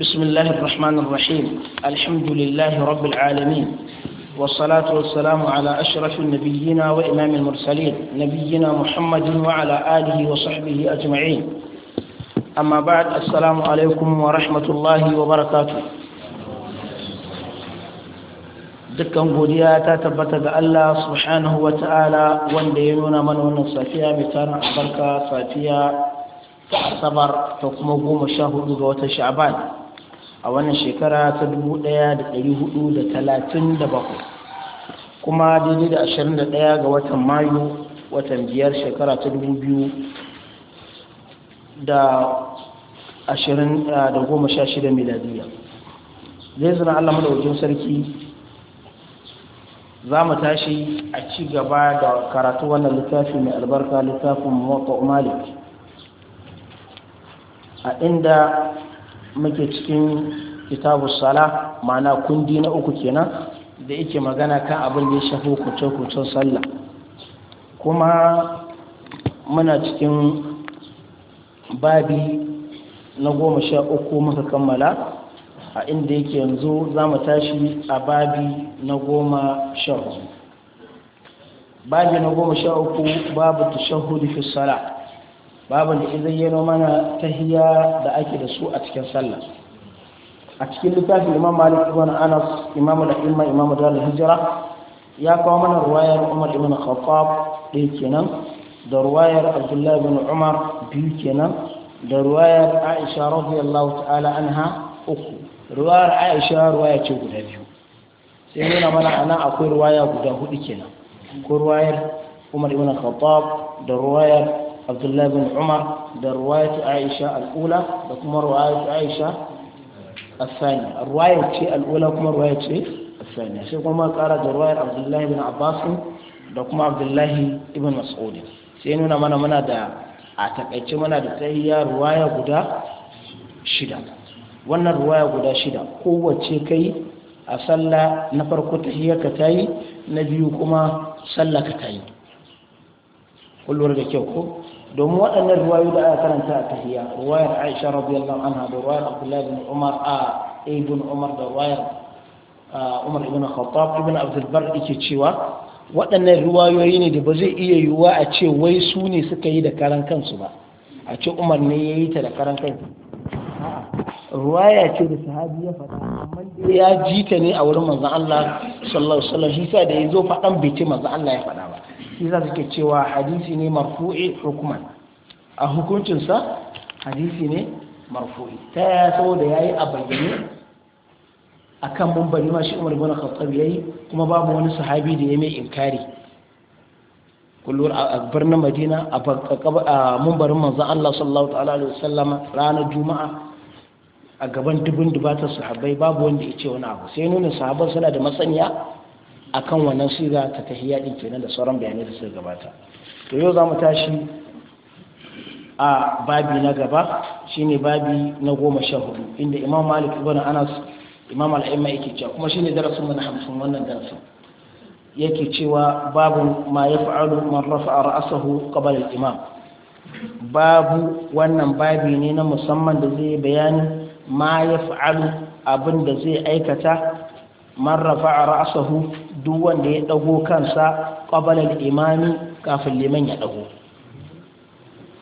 بسم الله الرحمن الرحيم الحمد لله رب العالمين والصلاة والسلام على أشرف النبيين وإمام المرسلين نبينا محمد وعلى آله وصحبه أجمعين أما بعد السلام عليكم ورحمة الله وبركاته dukkan godiya ta الله سبحانه وتعالى subhanahu wa ta'ala wanda ya nuna mana wannan safiya mai tarin albarka safiya ta a wannan shekara ta 1437 kuma daidai da 21 ga watan mayu watan biyar shekara ta 2000 da 2016 miladiya zai zina allah wajen sarki za mu tashi a ci gaba da karatu wannan littafi mai albarka littafin mawata malik a inda muke cikin kitabu sala ma'ana kundi na uku kenan da yake magana kan abin da ya shafi kuce sallah kuma muna cikin babi na goma sha uku muka kammala a inda yake yanzu za mu tashi a babi na goma sha uku babi na goma sha uku babu tashahudu fi sala babu da izayyano mana hiya da ake da su a cikin sallah a cikin littafin imam malik ibn anas imam imma imam dar hijra ya kawo mana ruwayar umar ibn khattab ɗaya kenan da ruwayar abdullahi ibn umar biyu kenan da ruwayar aisha radiyallahu ta'ala anha uku ruwayar aisha ruwaya ce guda biyu sai nuna mana ana akwai ruwaya guda hudu kenan ko ruwayar umar ibn khattab da ruwayar abdullahi bin umar da ruwayatu aisha al'ula da kuma ruwayatu aisha asani ruwaya ce al'ula kuma ruwaya ce asani sai kuma kara da ruwayar abdullahi bin abbas da kuma abdullahi ibn mas'ud sai nuna mana muna da a takaice muna da tsayya ruwaya guda shida wannan ruwaya guda shida kowace kai a salla na farko tahiyyar ka tayi na biyu kuma salla ka tayi kullum da kyau ko domin waɗannan ruwayo da aka karanta a tahiyya ruwayar aisha radiyallahu anha da ruwayar abdullahi bin umar a eh, ibn umar da ruwayar umar ibn khattab ibn abdul bar yake cewa waɗannan ruwayoyi ne da ba zai iya yiwuwa a ce wai su ne suka yi da karan kansu ba a ce umar ne ya yi ta da karan kansu ruwaya ce da sahabi ya faɗa amma ya ji ta ne a wurin manzon Allah sallallahu alaihi wasallam shi sa da ya zo faɗan bai ce manzon Allah ya faɗa ba shi za su cewa hadisi ne marfu'i hukuman a hukuncinsa hadisi ne marfu'i ta yaya saboda ya yi a bayyane a kan bambari ma shi umar gona khattab ya yi kuma babu wani sahabi da ya mai inkari kullum a birnin madina a mumbarin manzan allah sallallahu da sallama ranar juma'a a gaban dubin dubatar sahabbai babu wanda ya ce wani abu sai nuna sahabban suna da masaniya akan wannan siga ta tahiyya din kenan da sauran bayanai da suka gabata to yau za mu tashi a babi na gaba shine babi na goma sha hudu inda imam malik ibn anas imam al'imma yake cewa kuma shine darasin mu hamsin wannan darasin yake cewa babu ma yaf'alu man rafa'a ra'sahu qabla al-imam babu wannan babi ne na musamman da zai bayani ma yaf'alu abin da zai aikata man rafa'a ra'asahu. duk wanda ya dago kansa ƙwabalar imani imami kafin liman ya dago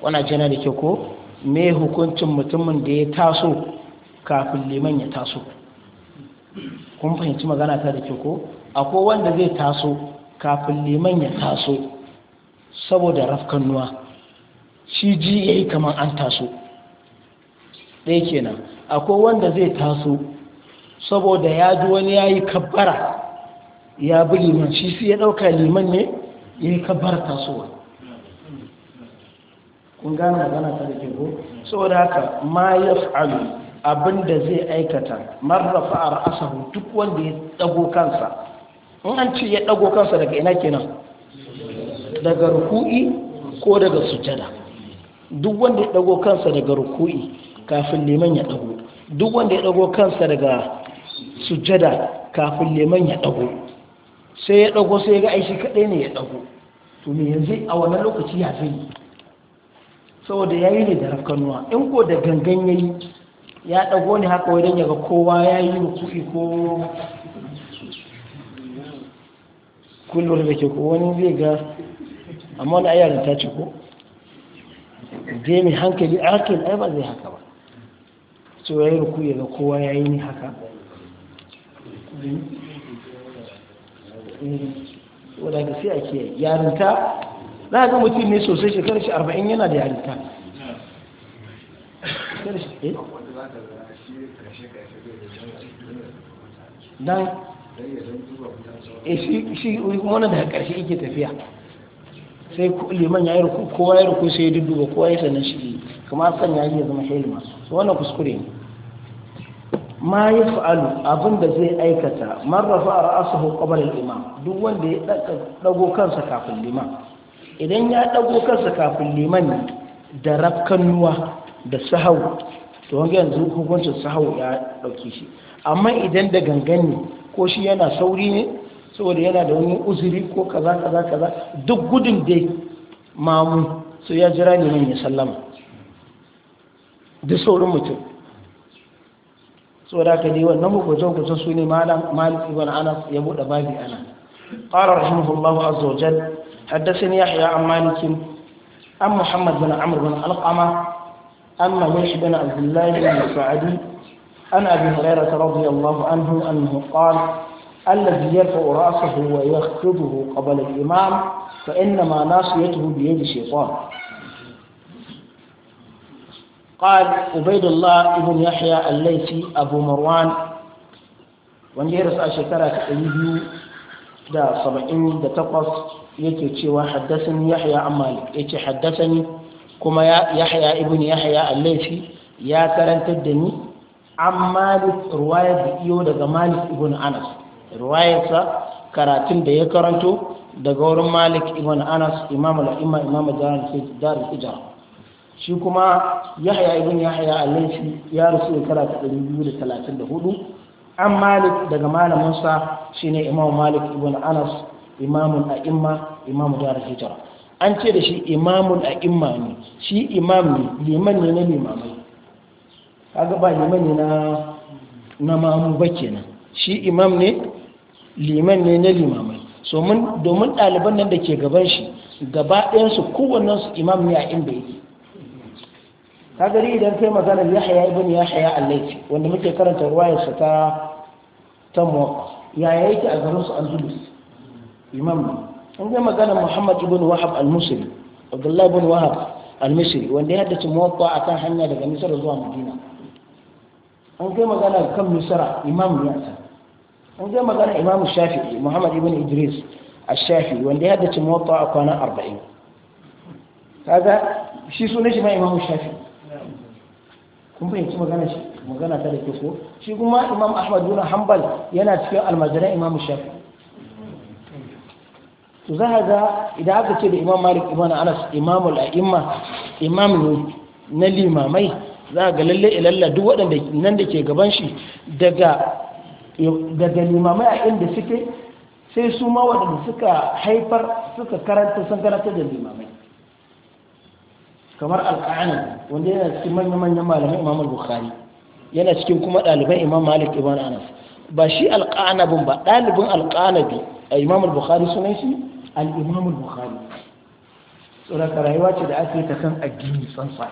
wana jana da ke ko me hukuncin mutumin da ya taso kafin liman ya taso kun fahimci magana ta da ke ko akwai wanda zai taso kafin liman ya taso saboda rafkan nuwa shi ji ya yi kamar an taso ɗaya kenan akwai wanda zai taso saboda ya ji wani ya yi kabbara ya bi liman shi sai ya ɗauka liman ne ya yi kabar tasowa kun gane magana ta da ke ko saboda haka ma ya fa'alu abinda zai aikata marrafa a ra'asahu duk wanda ya ɗago kansa in an ce ya ɗago kansa daga ina kenan daga ruku'i ko daga sujada duk wanda ya ɗago kansa daga ruku'i kafin liman ya ɗago duk wanda ya ɗago kansa daga sujada kafin liman ya ɗago sai ya ɗago sai ya ga aishi kaɗai ne ya ɗago to me yanzu a wannan lokaci ya zai saboda ya yi ne da rafkanuwa in ko da gangan ya yi ya ɗago ne haka wajen yaga kowa ya yi kufi ko kullum da ke ko wani zai ga amma wani ayyar ta ci ko je mai hankali a hankali ai ba zai haka ba so ya yi rukufi ga kowa ya yi ne haka wadda sai ake yarinta na ga mutum ne sosai shekarar shi arba'in yana da yarinta eh? dan eh, shi wani daga ƙarshe yake tafiya sai liman ya yi ruku kowa ya ruku sai ya dudduba kowa ya sanar shi kamar san ya yi zama shayi masu wannan kuskure ne ma ya fa'alu abin da zai aikata marrafa a ra'asahu ƙwabar imam duk wanda ya ɗago kansa kafin liman idan ya ɗago kansa kafin liman da rafkannuwa da sahau to wanga yanzu hukuncin sahau ya ɗauki shi amma idan da gangan ne ko shi yana sauri ne saboda yana da wani uzuri ko kaza kaza kaza duk gudun dai mamu ya jira liman ya sallama duk saurin mutum saboda ka dai wannan hukuncin hukuncin su ne malik ibn anas ya buɗe babi ana qala rahimahullahu azza wa jal haddathani yahya an malik an muhammad bin amr bin alqama an malik bin abdullah bin sa'di an abi hurairah radiyallahu anhu annahu qala الذي يرفع رأسه ويخفضه قبل الإمام فإنما ناصيته بيد الشيطان قال عبيد الله ابن يحيى الليثي ابو مروان ونجرس أشكرا كأيبيو دا سبعين دا تقص يكي تشيوا حدثني يحيى عن مالك يكي حدثني كما يحيى ابن يحيى الليثي يا كرنت الدني عن مالك رواية إيو دا مالك ابن أنس رواية karatun da ya karanto مالك ابن malik ibn anas imam al'imma imam darul hijra shi kuma yahya ibn yahya al-laythi ya rasu shekara ta 234 an malik daga malamin sa shine imam malik ibn anas imamun a'imma imamu da hijra an ce da shi imamun a'imma ne shi imam ne liman ne na limamai kaga ba liman ne na na mamu ba kenan shi imam ne liman ne na limamai so mun domin ɗaliban nan da ke gaban shi gaba ɗayansu kowannen su imam ne a inda yake kagari idan kai maganar yahya ibn yahya al-laythi wanda muke karanta ruwayarsa ta ta muwaqqaf ya yake a garin su andalus imam ne in kai maganar muhammad ibn wahab al-musri abdullah ibn wahab al-misri wanda ya haddace muwaqqa akan hanya daga misra zuwa madina an kai magana kan misra imam ya a an kai magana imam shafi'i muhammad ibn idris al-shafi'i wanda ya haddace muwaqqa a kwana 40 kaga shi sunan shi ma imam shafi'i kun fahimci magana shi magana ta da ke ko shi kuma imam ahmad duna hambal yana cikin almajiran imam shafi to za ga idan aka ce da imam malik imam anas imamul a'imma imam na limamai za ga lalle ilalla duk waɗanda nan da ke gaban shi daga daga limamai a inda suke sai su ma waɗanda suka haifar suka karanta sun karanta da limamai kamar al'ana wanda yana cikin manya-manyan malamai imam al-bukhari yana cikin kuma ɗaliban imam malik ibn anas ba shi alƙanabin ba ɗalibin alƙanabi a imam al-bukhari sunan shi al-imam al-bukhari tsoraka rayuwa ce da ake ta kan addini tsantsa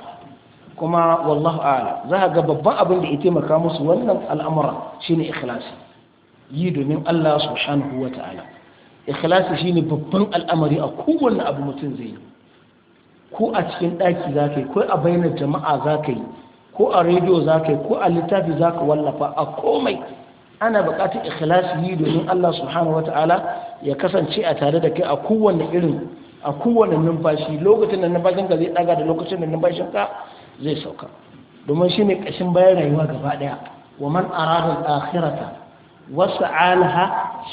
kuma wallahu ala za ka ga babban abin da ya taimaka musu wannan al'amura shine ikhlasi yi domin Allah subhanahu wa ta'ala ikhlasi shine babban al'amari a kowanne abu mutum zai yi ko a cikin ɗaki za ka yi ko a bainar jama'a za ka yi ko a rediyo za ka yi ko a littafi za ka wallafa a komai ana buƙatar ikhlasi yi domin Allah subhanahu wata'ala ya kasance a tare da kai a kowane irin a kowane numfashi lokacin da numfashin ka zai ɗaga, da lokacin da numfashin ka zai sauka domin shine kashin bayan rayuwa gaba ɗaya. wa man arada al-akhirata wa sa'alaha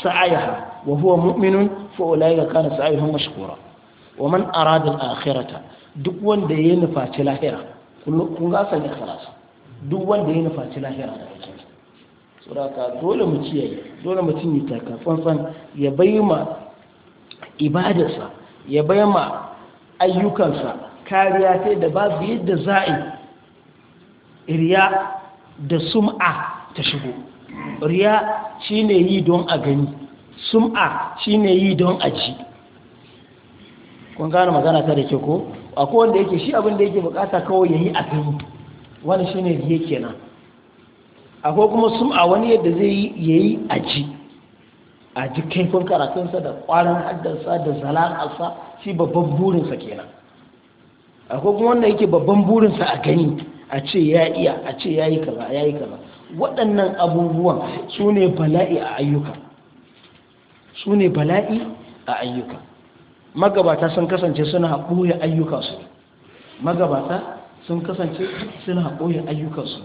sa'ayaha wa huwa mu'minun fa ulaika kana sa'ayuhum mashkura wa man arada al-akhirata duk wanda ya ci lahira kun ga san ikhlas duk wanda ya ci lahira da yake dole mu ciye dole mutum ya taka tsantsan ya bayyana ibadarsa ya bayyana ayyukansa kariya ta da babu yadda za'i riya da sum'a ta shigo riya shine yi don a gani sum'a shine yi don a ji kun gane magana ta da ke ko akwai wanda yake shi abin da yake bukata kawai yayi a fili wani shine yake kenan akwai kuma a wani yadda zai yi yayi a ji a ji kaifin karatunsa da kwarin haddarsa da zala'arsa shi babban burinsa kenan akwai kuma wanda yake babban burinsa a gani a ce ya iya a ce ya yi kaza ya kaza waɗannan abubuwan su ne bala'i a ayyuka su bala'i a ayyuka magabata sun kasance suna ɓoye ayyukansu magabata sun kasance suna ɓoye ayyukansu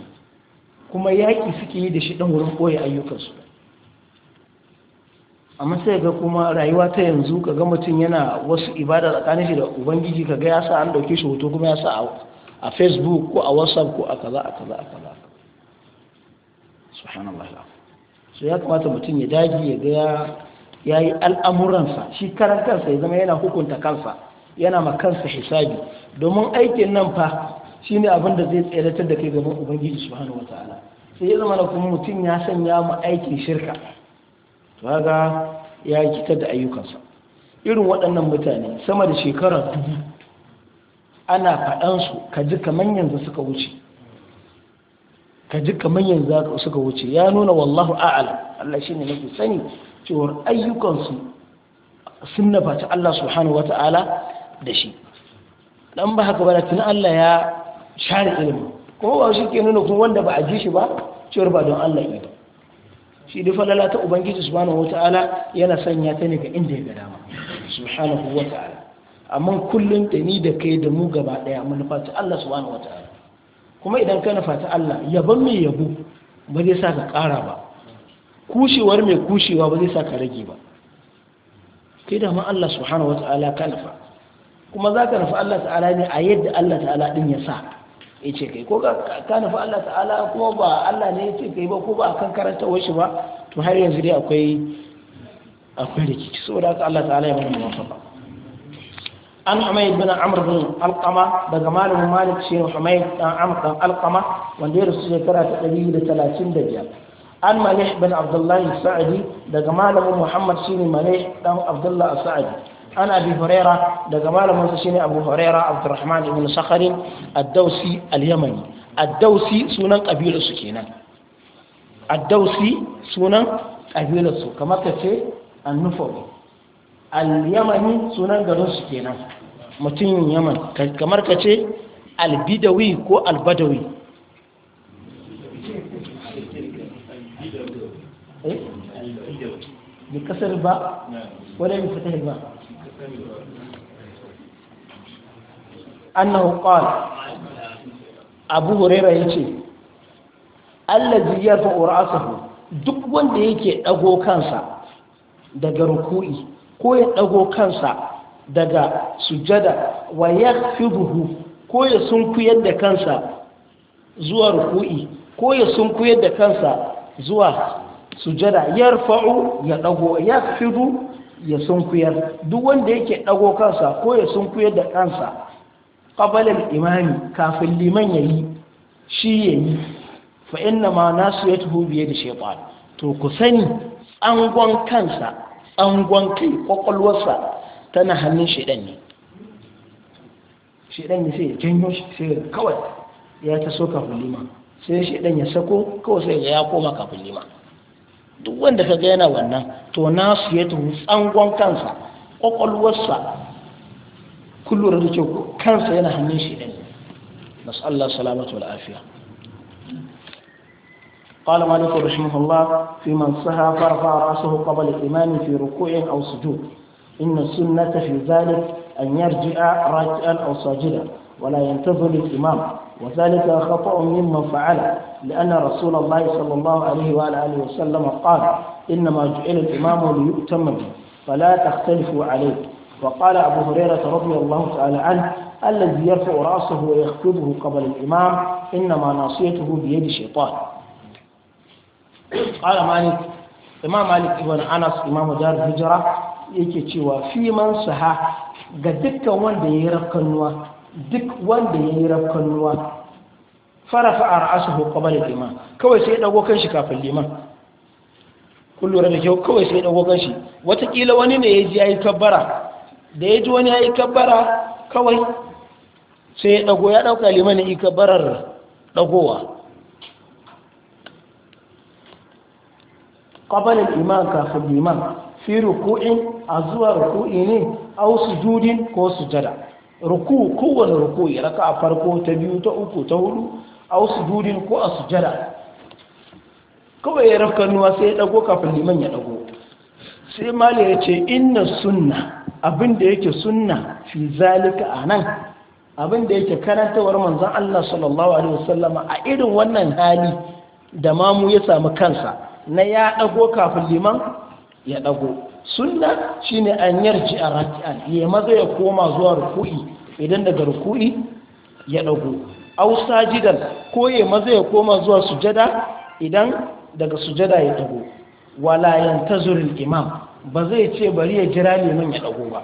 kuma yaƙi suke yi da shi ɗan wurin ɓoye ayyukansu amma sai ga kuma rayuwa ta yanzu ka ga mutum yana wasu ibada tsakanin shi da ubangiji ka ga ya sa an ɗauke shi hoto kuma ya sa a facebook ko a whatsapp ko a kaza a kaza a kaza subhanallah so ya kamata mutum ya dage ya ga ya yi al'amuransa shi karan kansa ya zama yana hukunta kansa yana ma kansa hisabi domin aikin nan fa shi ne abin da zai tseratar da kai gaban ubangiji hannu wa ta'ala sai ya zama na kuma mutum ya sanya mu aikin shirka ga ya kitar da ayyukansa irin waɗannan mutane sama da shekarar dubu ana faɗansu ka ji kamar yanzu suka wuce ka wuce ya nuna wallahu a'ala Allah shi shine nake sani cewar ayyukansu sun nafaci Allah subhanahu wa ta'ala da shi dan ba haka ba da Allah ya share ilimin kuma ba shi ke nuna kuma wanda ba a ji shi ba cewar ba don Allah yi ba shi da falala ta ubangiji subhanahu ta’ala yana sanya ta ne ga inda ya ga dama subhanahu ta’ala. amma kullum da ni da kai da mu gaba ɗaya. mun fata Allah subhanahu ta'ala. kuma idan ka nufa Allah yaban mai yabo ba zai sa ka ƙara ba kushewar mai kushewa ba zai sa ka rage ba kai da ma Allah subhanahu wa ta'ala ka nufa kuma za ka nufa Allah ta'ala ne a yadda Allah ta'ala din ya sa ya ce kai ko ka nufa Allah ta'ala kuma ba Allah ne ya ce kai ba ko ba a kan karanta washi ba to har yanzu dai akwai akwai rikici saboda haka Allah ta'ala ya mana muwafaqa an Humayd bin Amr bin Alqama daga malamin Malik shehu Humayd dan Amr dan Alqama wanda ya rasu shekara ta 135 an malih bin abdullahi sa'adi daga malamin muhammad shine malih dan abdullahi sa'adi an abi huraira daga malamin sa shine abu huraira abdurrahman ibn sakhari ad-dausi al-yamani ad-dausi sunan kabilar su kenan ad-dausi sunan kabilar su kamar ka ce an-nufawi al-yamani sunan garin su kenan mutumin yaman kamar ka ce al-bidawi ko al-badawi eh bi kasar ba wala bi fatah ba annahu qala abu hurairah yace allazi duk wanda yake dago kansa daga ruku'i ko ya dago kansa daga sujada wa buhu ko ya sunkuyar da kansa zuwa ruku'i ko ya sunkuyar da kansa zuwa sujada yarfa'u ya dago yakhfidu ya sunkuyar duk wanda yake dago kansa ko ya sunkuyar da kansa qabala al-imami kafin liman yayi shi yayi fa inna ma nasiyatuhu bi yadi shaytan to ku sani angon kansa tsangon kai kokolwarsa tana hannun shaytan ne shaytan ne sai ya janyo shi sai kawai ya ta soka kafin liman sai shaytan ya sako kawai sai ya koma kafin liman duk wanda ka yana wannan to nasu ya tuhu tsangon kansa ƙwaƙwalwarsa kullum da ke kansa yana hannun shi ɗin nasu Allah salamatu wa lafiya قال مالك رحمه الله في من سهى فرفع رأسه قبل الإمام في ركوع أو سجود إن السنة في ذلك أن يرجع راكعا أو ساجدا ولا ينتظر الإمام وذلك خطأ ممن فعله لأن رسول الله صلى الله عليه وعلى آله وسلم قال إنما جعل الإمام ليؤتم به فلا تختلفوا عليه وقال أبو هريرة رضي الله تعالى عنه الذي يرفع رأسه ويخفضه قبل الإمام إنما ناصيته بيد الشيطان قال مالك إمام مالك ابن أنس إمام دار الهجرة yake cewa fi man saha ga dukkan wanda ya yi rakkanuwa duk wanda ya yi rafkan ruwa farafa a ra'asuhu da liman kawai sai ya dago kanshi kafin liman kun lura da kyau kawai sai ya dago kanshi watakila wani ne ya ji ya yi kabbara da ya ji wani ya yi kabbara kawai sai ya ɗago ya dauka liman ya yi kabbarar dagowa qabala liman kafin liman fi ruku'in a zuwa ruku'i ne wasu judin ko sujada ruku kowane ruku ya raka a farko ta biyu ta uku ta hudu a wasu durin ko a sujada kawai ya raka nuwa sai ya dago kafin liman ya dago sai mala ya ce inna sunna abinda yake sunna fi zalika a nan abinda yake karantawar manzan Allah sallallahu alaihi wasallama a irin wannan hali da mamu ya samu kansa na ya dago kafin liman ya dago sunna shine an yarji a ya maza ya koma zuwa ruku'i idan daga ruku'i ya dago au sajidan ko ya maza ya koma zuwa sujada idan daga sujada ya dago wala yantazur al-imam ba zai ce bari ya jira liman ya dago ba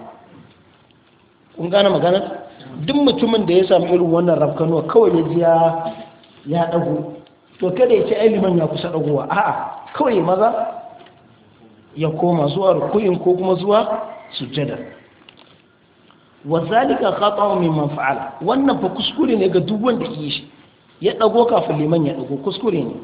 kun gane magana duk mutumin da ya samu irin wannan rafkanuwa kawai ya ji ya dago to kada ya ce ai ya kusa dagowa a'a kawai maza ya koma zuwa ruku'in ko kuma zuwa sujjada wa zalika khata'u mimman fa'ala wannan fa kuskure ne ga duk wanda yi shi ya dago kafin liman ya dago kuskure ne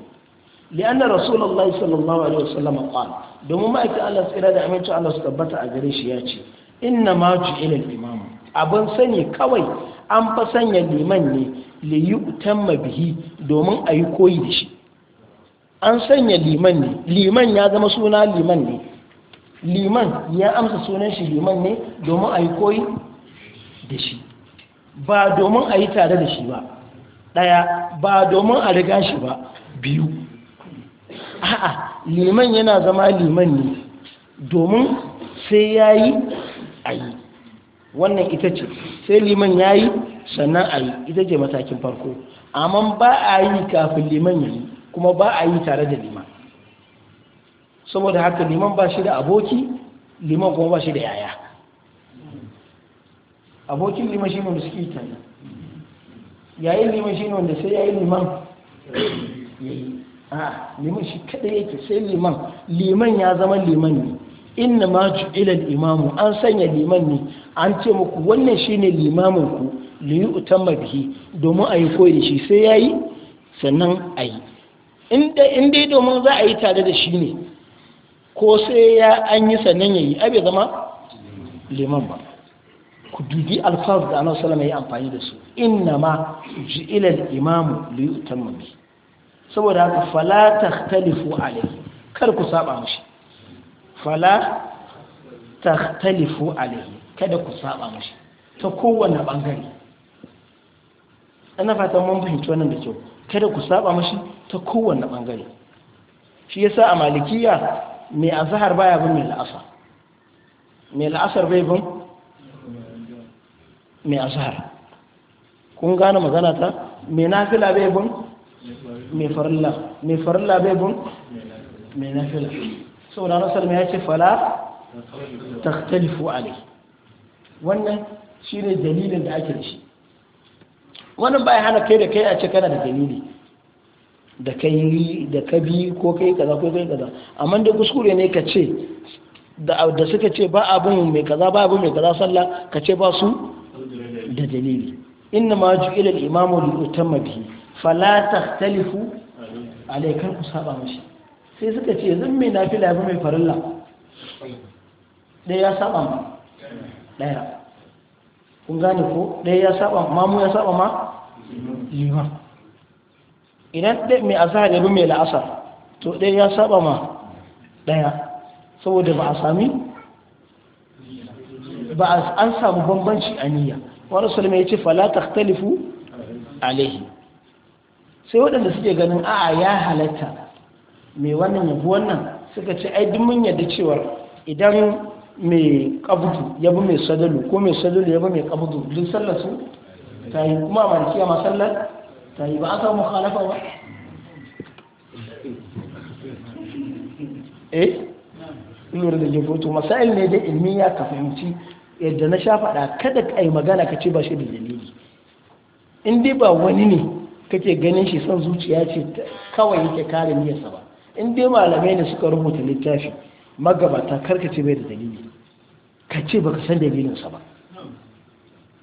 li'anna rasulullahi sallallahu alaihi wasallam qala domin ma'aikin Allah tsira da aminci Allah su tabbata a gare shi ya ce inna ma ju'ila al-imam Abun sani kawai an fa sanya liman ne li yu'tamma bihi domin ayi koyi da shi an sanya liman ne liman ya zama suna liman ne liman ya amsa sunan shi liman ne domin a yi koyi da shi ba domin a yi tare da shi ba ɗaya ba domin a riga shi ba biyu a'a liman yana zama liman ne domin sai ya yi a yi wannan ita ce sai liman ya yi sannan a yi ita ce matakin farko amma ba a yi kafin liman ya yi kuma ba a yi tare da liman saboda haka liman ba shi da aboki liman kuma ba shi da yaya abokin liman shi wanda suke yi tare yayin liman shi wanda sai yayin liman a liman shi kadai yake sai liman liman ya zama liman ne inna ma ju'ila al-imamu an sanya liman ne an ce muku wannan shine limamin ku li yu'tamma bihi domin ayi koyi shi sai yayi sannan ayi inda dai domin za a yi tare da shi ne ko sai ya an yi sannan ya yi abin zama liman ba ku dubi alfaz da annabi salama ya amfani da su inna ma ji ilal imamu li yutamma saboda haka fala talifu alai kar ku saba mashi. fala talifu alai kada ku saba mashi. ta kowane bangare ana fata mun fahimci wannan da kyau kada ku saba mashi ta kowanne bangare shi yasa a malikiya mai azhar baya bin mai la'asa? mai la'asar bai bin mai azhar kun gane magana ta mai nafila bai bin mai farilla mai farilla bai bin mai nafila da nasar mai ya ce fala takhtalifu alai wannan shine dalilin da ake da shi wannan bai hana kai da kai a ce kana da dalili da kai yi da ka bi ko kai kaza ko kai kaza amma da kuskure ne ka ce da suka ce ba abin mai kaza ba abin mai kaza sallah ka ce ba su da dalili inna ma ila al-imamu li yutamma bihi fala tahtalifu alayka kar ku saba mashi sai suka ce zan mai nafila ba mai farilla dai ya saba ma daya kun gane ko ɗaya ya saba mamu ya saba ma liman idan ɗaya mai azhar ya bi mai la'asar to ɗaya ya saba ma ɗaya saboda ba a sami ba an samu bambanci a niyya wani sulma ya ce fala takhtalifu alaihi sai waɗanda suke ganin a'a ya halatta mai wannan yabu wannan suka ce ai duk mun yadda cewar idan mai kabudu ya bi mai sadalu ko mai sadalu ya bi mai kabudu duk sallar su ta yi kuma malikiya ma sallar ta yi ba aka samu khalafa ba eh lura da jibutu masail ne da ilmiya ka fahimci yadda na sha faɗa kada ka yi magana ka ce ba shi da dalili in dai ba wani ne kake ganin shi son zuciya ce kawai yake kare niyyarsa ba in dai malamai ne suka rubuta littafi magabata karka ce bai da dalili ka ce baka san dalilinsa ba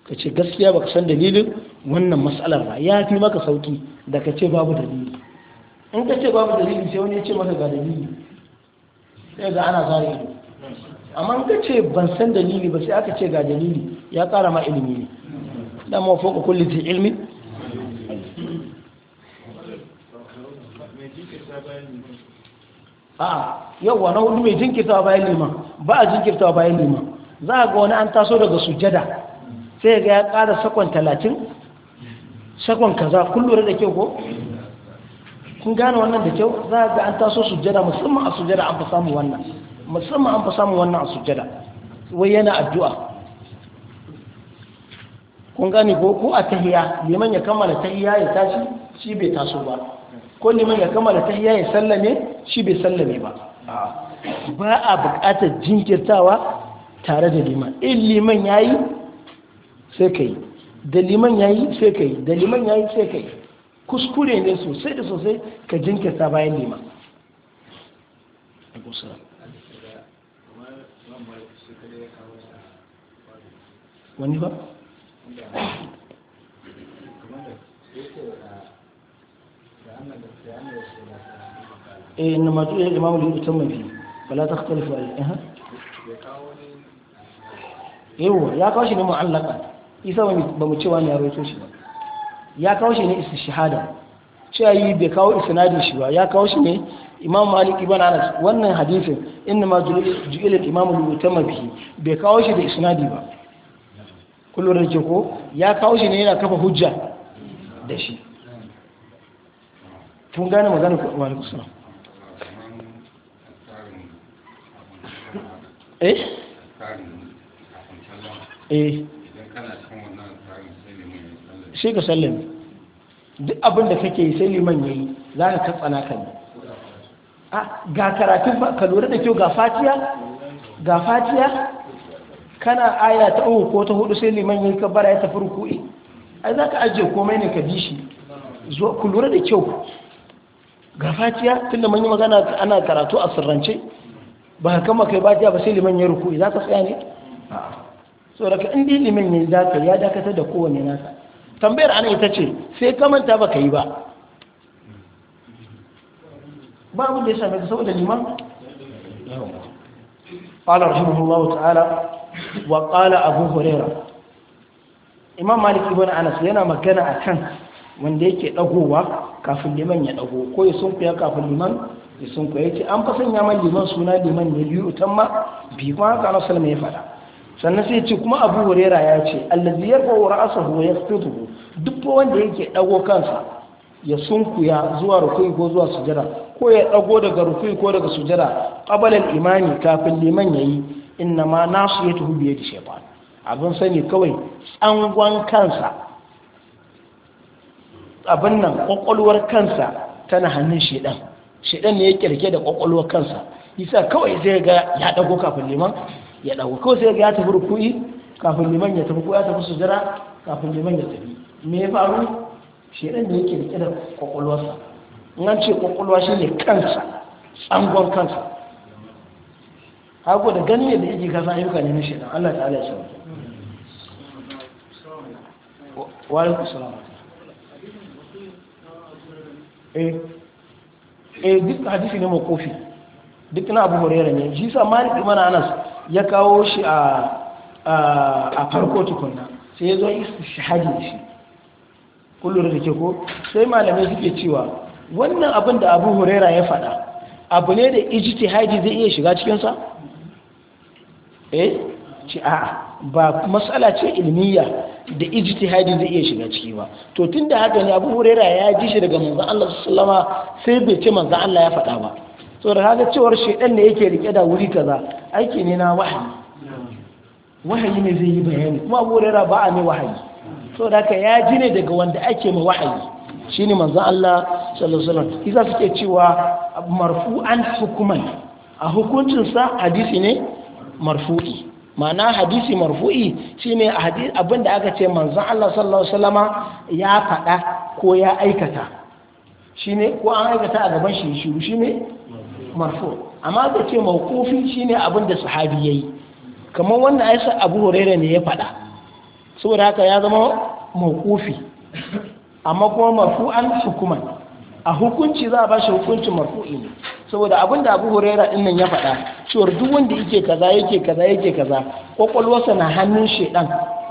ka ce gaskiya baka san dalilin wannan matsalar ba ya fi maka sauki da ka ce babu dalili in ka ce babu dalili sai wani ya ce maka ga dalili sai ga ana zare ido amma in ka ce ban san dalili ba sai aka ce ga dalili ya kara ma ilimi ne dan ma ko kulli ti ilmi a'a Yau na hudu mai jinkirtawa bayan liman ba a jinkirtawa bayan liman za a ga wani an taso daga sujada sai ga ya kada sakon talatin sakon kaza kun da kyau ko kun gane wannan da kyau za a ga an taso sujada musamman a sujada an fa samu wannan musamman an fa samu wannan a sujada wai yana addu'a kun gane ko ko a tahiya liman ya kammala tahiya ya tashi shi bai taso ba ko liman ya kammala tahiya ya sallame shi bai sallame ba ba a buƙatar jinkirtawa tare da liman in liman ya yi sai ka yi da liman ya yi sai ka yi da liman ya yi sai ka yi kuskure ne sosai da sosai ka jinkirta bayan liman wani ba? da eh inna ma tu'ila imamu li yutamma bi fala takhtalifu alayhi yawa ya kawo shi ne mu'allaka isa ba mu cewa ne ya rawaito shi ya kawo ne istishhada cewa yi kawo shi ba ya ne imam malik ibn anas wannan hadisin inna ma ju'ila imamu li yutamma bai kawo shi da isnadi ba kullum da ko ya kawo shi yana kafa hujja da shi tun gane magana ko eh eh shi ka duk abin da kake yi sai liman yayi za ka katsana kan ah, ga karatun ba ka lura da kyau ga fatiya ga fatiya kana aya ta uku ko ta hudu sai liman yayi ka bara ya tafi ruku'i ai za ka ajiye komai ne ka bi shi ku lura da kyau ga fatiya tunda mun yi magana ana karatu a sirrance ba ka kama kai fatiha ba sai liman ya ruku za ka tsaya ne so daga in dai liman ne za ka ya dakatar da kowane nasa tambayar ana ita ce sai ka manta ba ka yi ba ba abin da ya same ka saboda liman قال رحمه الله تعالى وقال أبو هريرة إمام مالك بن أنس yana magana akan wanda yake dagowa kafin liman ya dago ko ya sunfiya kafin liman ya sun ya ce an fa sanya man liman suna liman ne biyu utan ma bi ma haka ana salama ya faɗa sannan sai ya ce kuma abu hurera ya ce allazi ya wa ra'asa huwa ya duk wanda yake dago kansa ya sunkuya zuwa rukui ko zuwa sujada ko ya ɗago daga rukui ko daga sujada ƙabalar imani kafin liman yayi yi inna ma nasu ya yadi shaytan abin sani kawai tsangon kansa abin nan ƙwaƙwalwar kansa tana hannun shaitan shaidan ne ya kirke da kwakwalwar kansa isa kawai zai ga ya dago kafin liman ya dago kawai sai ga ya tafi rukui kafin liman ya tafi ko ya tafi jira kafin liman ya tafi me ya faru shaidan ne ya kirke da kwakwalwarsa in an ce kwakwalwa ne kansa tsangon kansa hago da gani da yake kasa ayyuka ne na shaidan Allah ta'ala ya sauke wa alaikum salam eh eh duk hadisi ne makofi duk na Abu Hurairah ne shi sa Malik ibn Anas ya kawo shi a a farko tukunna sai ya zo istishhadi shi kullum da ke ko sai malamai suke cewa wannan abin da Abu Hurairah ya faɗa abu ne da ijtihadi zai iya shiga cikin sa eh ci a ba mas'ala ce ilmiya da ijtihadi zai iya shiga ciki ba to tunda haka ne Abu Huraira ya ji shi daga manzon Allah sallama sai bai ce manzon Allah ya faɗa ba to da haka cewar shedan ne yake rike da wuri kaza aiki ne na wahayi wahayi ne zai yi bayani kuma Abu Huraira ba a ne wahayi to da haka ya ji ne daga wanda ake ma wahayi shine manzon Allah sallallahu alaihi wasallam kisa suke cewa marfu'an hukuman a hukuncin sa hadisi ne marfu'i ma'ana hadisi marfu'i shine abin da aka ce manzon Allah sallallahu alaihi wasallama ya faɗa ko ya aikata shine ko an aikata a gaban shi shiru shine marfu amma da ce mawqufi shine abin da sahabi yayi kamar wannan Aisha Abu Hurairah ne ya faɗa saboda haka ya zama mawqufi amma kuma marfu'an hukuman a hukunci za a ba shi hukuncin marfu'i ne saboda abin da abu huraira din nan ya faɗa cewar duk wanda yake kaza yake kaza yake kaza kwakwalwarsa na hannun shaidan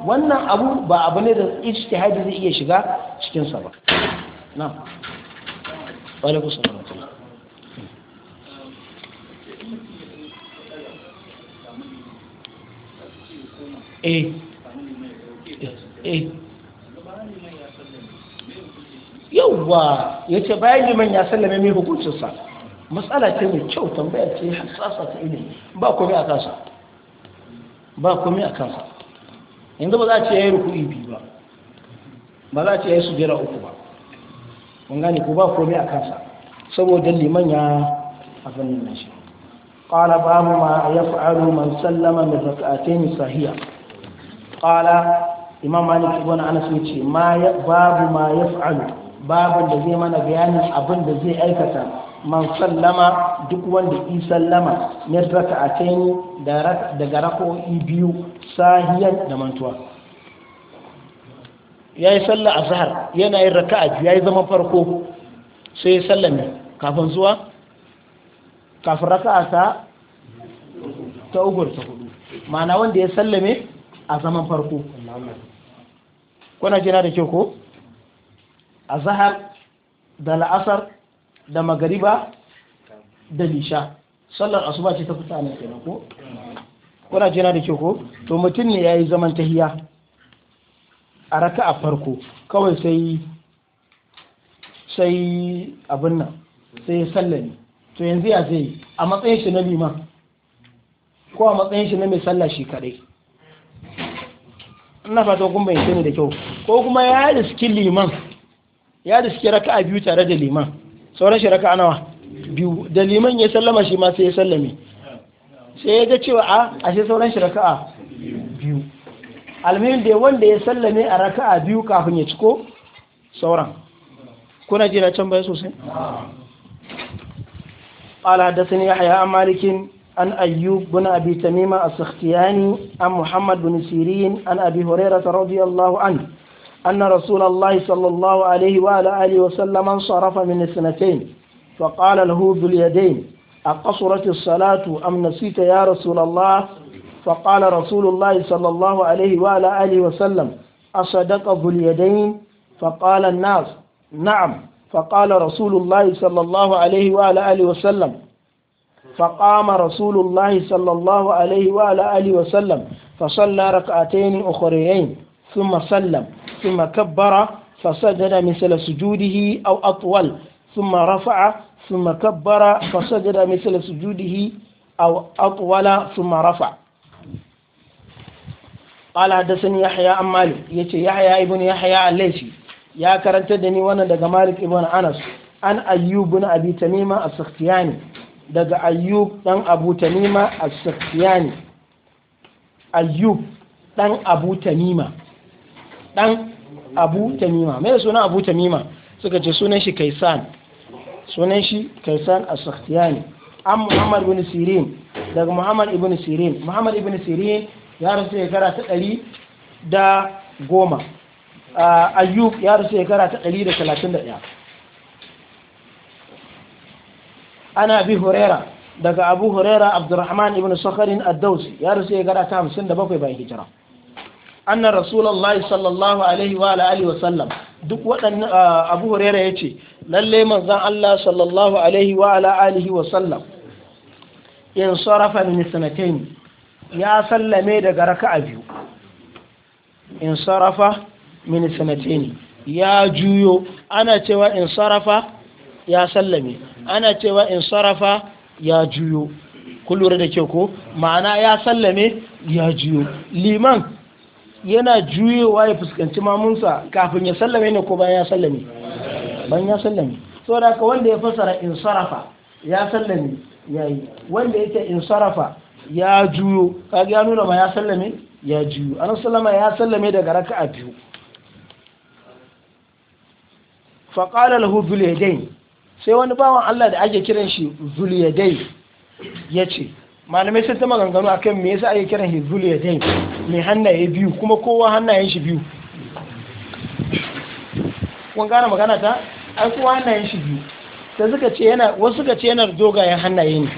wannan abu ba abu ne da ijtihadi zai iya shiga cikin sa ba wani kusa alaikum salam eh eh yauwa ya ce bayan liman ya sallame mai hukuncinsa matsala ce mai kyau tambaya ce hassasa ta ilimi ba kome a kansa ba kome a kansa yanzu ba za a ce ya yi rukuni biyu ba ba za a ce ya yi su jera uku ba mun gane ku ba kome a kansa saboda liman ya abin nan shi قال man sallama يفعل من سلم sahiya ركعتين imam malik ibn anas ya ce babu ma ما يفعل babin da zai mana bayanin abin da zai aikata man sallama duk wanda yi sallama min raka'atayn daga raka'o'i biyu sahiyan da mantuwa yayi sallah azhar yana yin raka'a yayi zaman farko sai ya sallame kafin zuwa kafin raka'a ta ta uku ta hudu ma'ana wanda ya sallame a zaman farko kuna jina da kyau ko Azahar, da la'asar da magariba da nisha. sallar asuba ce ta fita nan kenan ko kuna jina da ke ko to mutum ne yi zaman tahiya a raka a farko kawai sai sai abin nan sai ne to yanzu ya zai a matsayin shi na liman ko a matsayin shi na mai sallah shi kadai ina fata kun bayyana ne da kyau ko kuma ya yi skill liman ya da raka raka'a biyu tare da liman sauran shi raka nawa biyu da liman ya sallama shi ma sai ya sallame sai ya ga cewa a ah, ashe sauran shi raka'a biyu almuhim da wanda ya sallame a a biyu kafin ya ciko sauran kuna jira can bai sosai قال حدثني يحيى عن مالك عن أيوب بن أبي تميمة السختياني عن محمد بن سيرين عن أبي هريرة رضي الله عنه أن رسول الله صلى الله عليه وعلى آله وسلم انصرف من اثنتين فقال له ذو اليدين أقصرت الصلاة أم نسيت يا رسول الله فقال رسول الله صلى الله عليه وعلى آله وسلم أصدق ذو اليدين فقال الناس نعم فقال رسول الله صلى الله عليه وعلى آله وسلم فقام رسول الله صلى الله عليه وعلى آله وسلم فصلى ركعتين أخريين ثم سلم ثم كبر فسجد مثل سجوده أو أطول ثم رفع ثم كبر فسجد مثل سجوده أو أطول ثم رفع قال حدثني يحيى عن مالك يتي يحيى ابن يحيى الليثي يا كرنت دني وانا دغ مالك ابن انس عن ايوب بن ابي تميمه السختياني دغ ايوب دان ابو تميمه السختياني ايوب دان ابو تميمه dan abu tamima mai suna abu tamima suka ce sunan shi kaisan sunan shi kaisan as-sakhtiyani an muhammad ibn sirin daga muhammad ibn sirin muhammad ibn sirin ya rasu shekara ta ɗari da goma ayyub ya rasu shekara ta ɗari da talatin da ɗaya ana bi hurera daga abu hurera abdurrahman ibn sakharin ad-dawsi ya rasu shekara ta hamsin da bakwai bayan hijira anna rasulullahi sallallahu alaihi wa alihi wa sallam duk waɗannan ah, abu huraira yace lalle manzon Allah sallallahu alaihi wa alihi wa sallam in sarafa min sanatayn ya sallame daga raka'a biyu in ya juyo ana cewa in sarafa ya sallame ana cewa in sarafa ya juyo kun da ke ko ma'ana ya sallame ya juyo liman yana juyewa ya fuskanci mamunsa kafin ya sallame ne ko bayan ya sallame bayan ya sallame so da ka wanda ya fasara in sarafa ya sallame ya yi wanda yake in sarafa ya juyo kaga ya nuna ma ya sallame ya juyo an sallama ya sallame daga raka'a biyu fa qala lahu zuliyadain sai wani bawan Allah da ake kiran shi zuliyadain yace malamai sun ta maganganu akan me yasa ake kiran hizbul yadain mai hannaye biyu kuma kowa hannayen shi biyu kun gane magana ta ai kowa hannayen shi biyu da suka ce yana wasu suka ce yana dogayen hannaye ne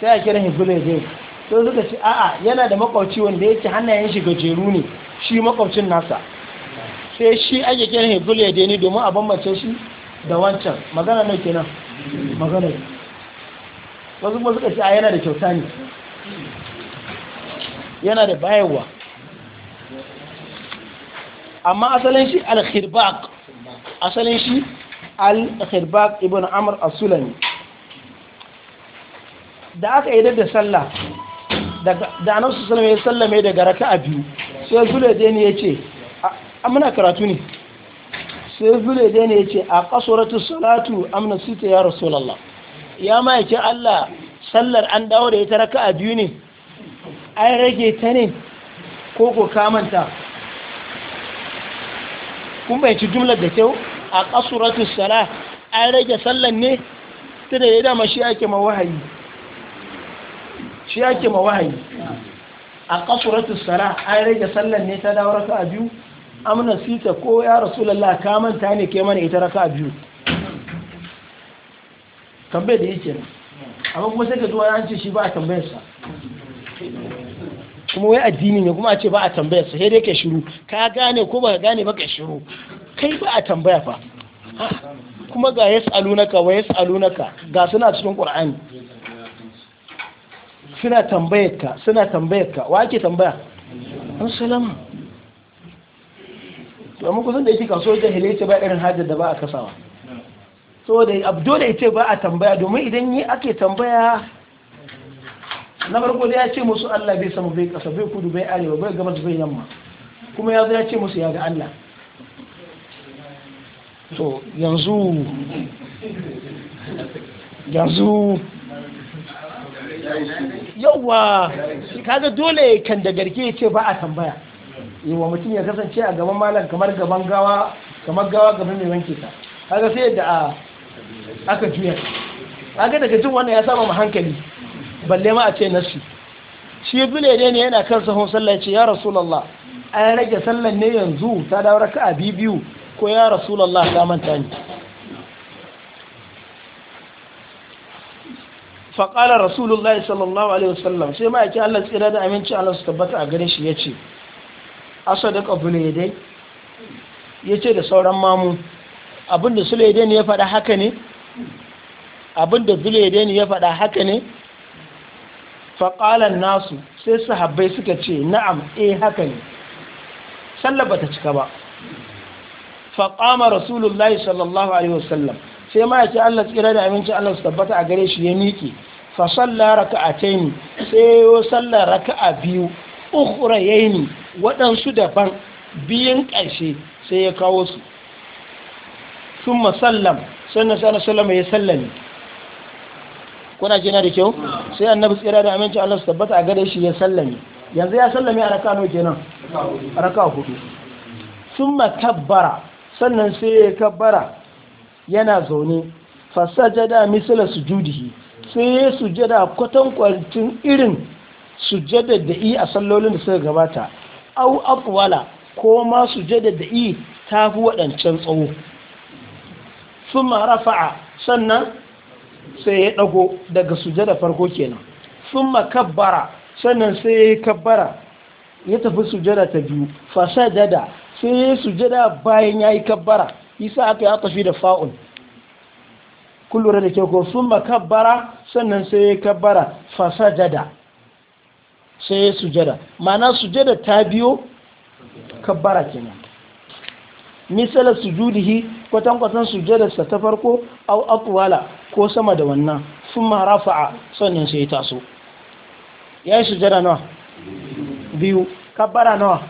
sai a kiran hizbul yadain sai suka ce a'a yana da makwabci wanda yake hannayen shi gajeru ne shi makwabcin nasa sai shi ake kiran hizbul yadain domin a bambance shi da wancan magana nau kenan magana wasu kuma suka ce a yana da kyauta ne yana da bayarwa amma asalin shi al-khirbaq asalin shi al-khirbaq ibn amr as-sulami da aka yi da sallah da anan su sallame ya sallame daga raka'a biyu sai da ne ya ce amina karatu ne sai da ne ya ce a kasuratu salatu amina sita ya rasulallah ya ma'aikin Allah sallar an dawo da ita raka a biyu ne an rage ta ne ko ko kamanta kun bayanci jumlar da kyau a kasuratu sala an rage sallar ne ta da ya dama shi ake ma wahayi shi ake mawahayi a kasuratu sala an rage sallar ne ta dawo raka a biyu amna sita ko ya rasu lalla kamanta ne ke mana ita raka a biyu tambayar da yake nan amma kuma sai ka zuwa an ce shi ba a tambayar sa kuma wai addini ne kuma a ce ba a tambayar sa sai dai ka shiru ka gane ko ba ka gane ba ka shiru kai ba a tambaya fa kuma ga yas'alunaka wa yas'alunaka ga suna cikin qur'ani suna tambayar ka suna tambayar ka wa ake tambaya an salama to amma kusan da yake kasuwar jahilai ce ba irin hajjar da ba a kasawa so da abdo da ce ba a tambaya domin idan yi ake tambaya na farko da ya ce musu Allah bai sama bai kasa bai kudu bai arewa bai gabas bai yamma kuma ya zo ya ce musu ya ga Allah to yanzu yanzu yauwa kaga dole kan da garke ya ce ba a tambaya yawa mutum ya kasance a gaban malam kamar gaban gawa kamar gawa gaban mai wanke ta kaga sai da a aka juya aka daga jin wannan ya saba mu hankali balle ma a ce nasi shi bile ne yana kan sahun sallah ya ce ya rasulullah an rage sallan ne yanzu ta dawo a biyu ko ya rasulullah ka manta ni faƙala rasulullah sallallahu alaihi wasallam sai ma yake allah tsira da aminci allah su tabbata a gare shi ya ce asadaka buledai ya ce da sauran mamu abinda su ne ya faɗa haka ne abinda zulaidaini ya faɗa haka ne faƙalan nasu sai su sahabbai suka ce na'am eh haka ne sallar ta cika ba faƙama rasulullahi sallallahu alaihi wasallam sai ma ya Allah tsira da aminci Allah su tabbata a gare shi ya miƙe fa sallar raka'a taini sai yo sallar raka'a biyu yi ni waɗansu daban biyun ƙarshe sai ya kawo su sun masallam sannan sa'ana sallama ya sallami kuna jina da kyau sai annabi tsira da aminci Allah su tabbata a gare shi ya sallami yanzu ya sallami a raka nawa nan a raka hudu sun matabbara sannan sai ya kabbara yana zaune fasajada misala judihi sai ya sujada kwatankwancin irin jada da yi a sallolin da suka gabata au akwala ko ma sujada da yi ta fi waɗancan tsawo thumma rafa'a sannan sai ya dago daga sujada farko kenan thumma kabbara sannan sai ya kabbara ya tafi sujada ta biyu fasajada sai sujada bayan yayi kabbara isa aka ya tafi da fa'un kun lura da kyau thumma kabbara sannan sai ya kabbara fasajada sai sujada ma'ana sujada ta biyo kabbara kenan misala sujudihi kwatan kwatan sujudarsa ta farko au akwala ko sama da wannan thumma a sannan sai ya taso yayi sujada nawa biyu kabbara nawa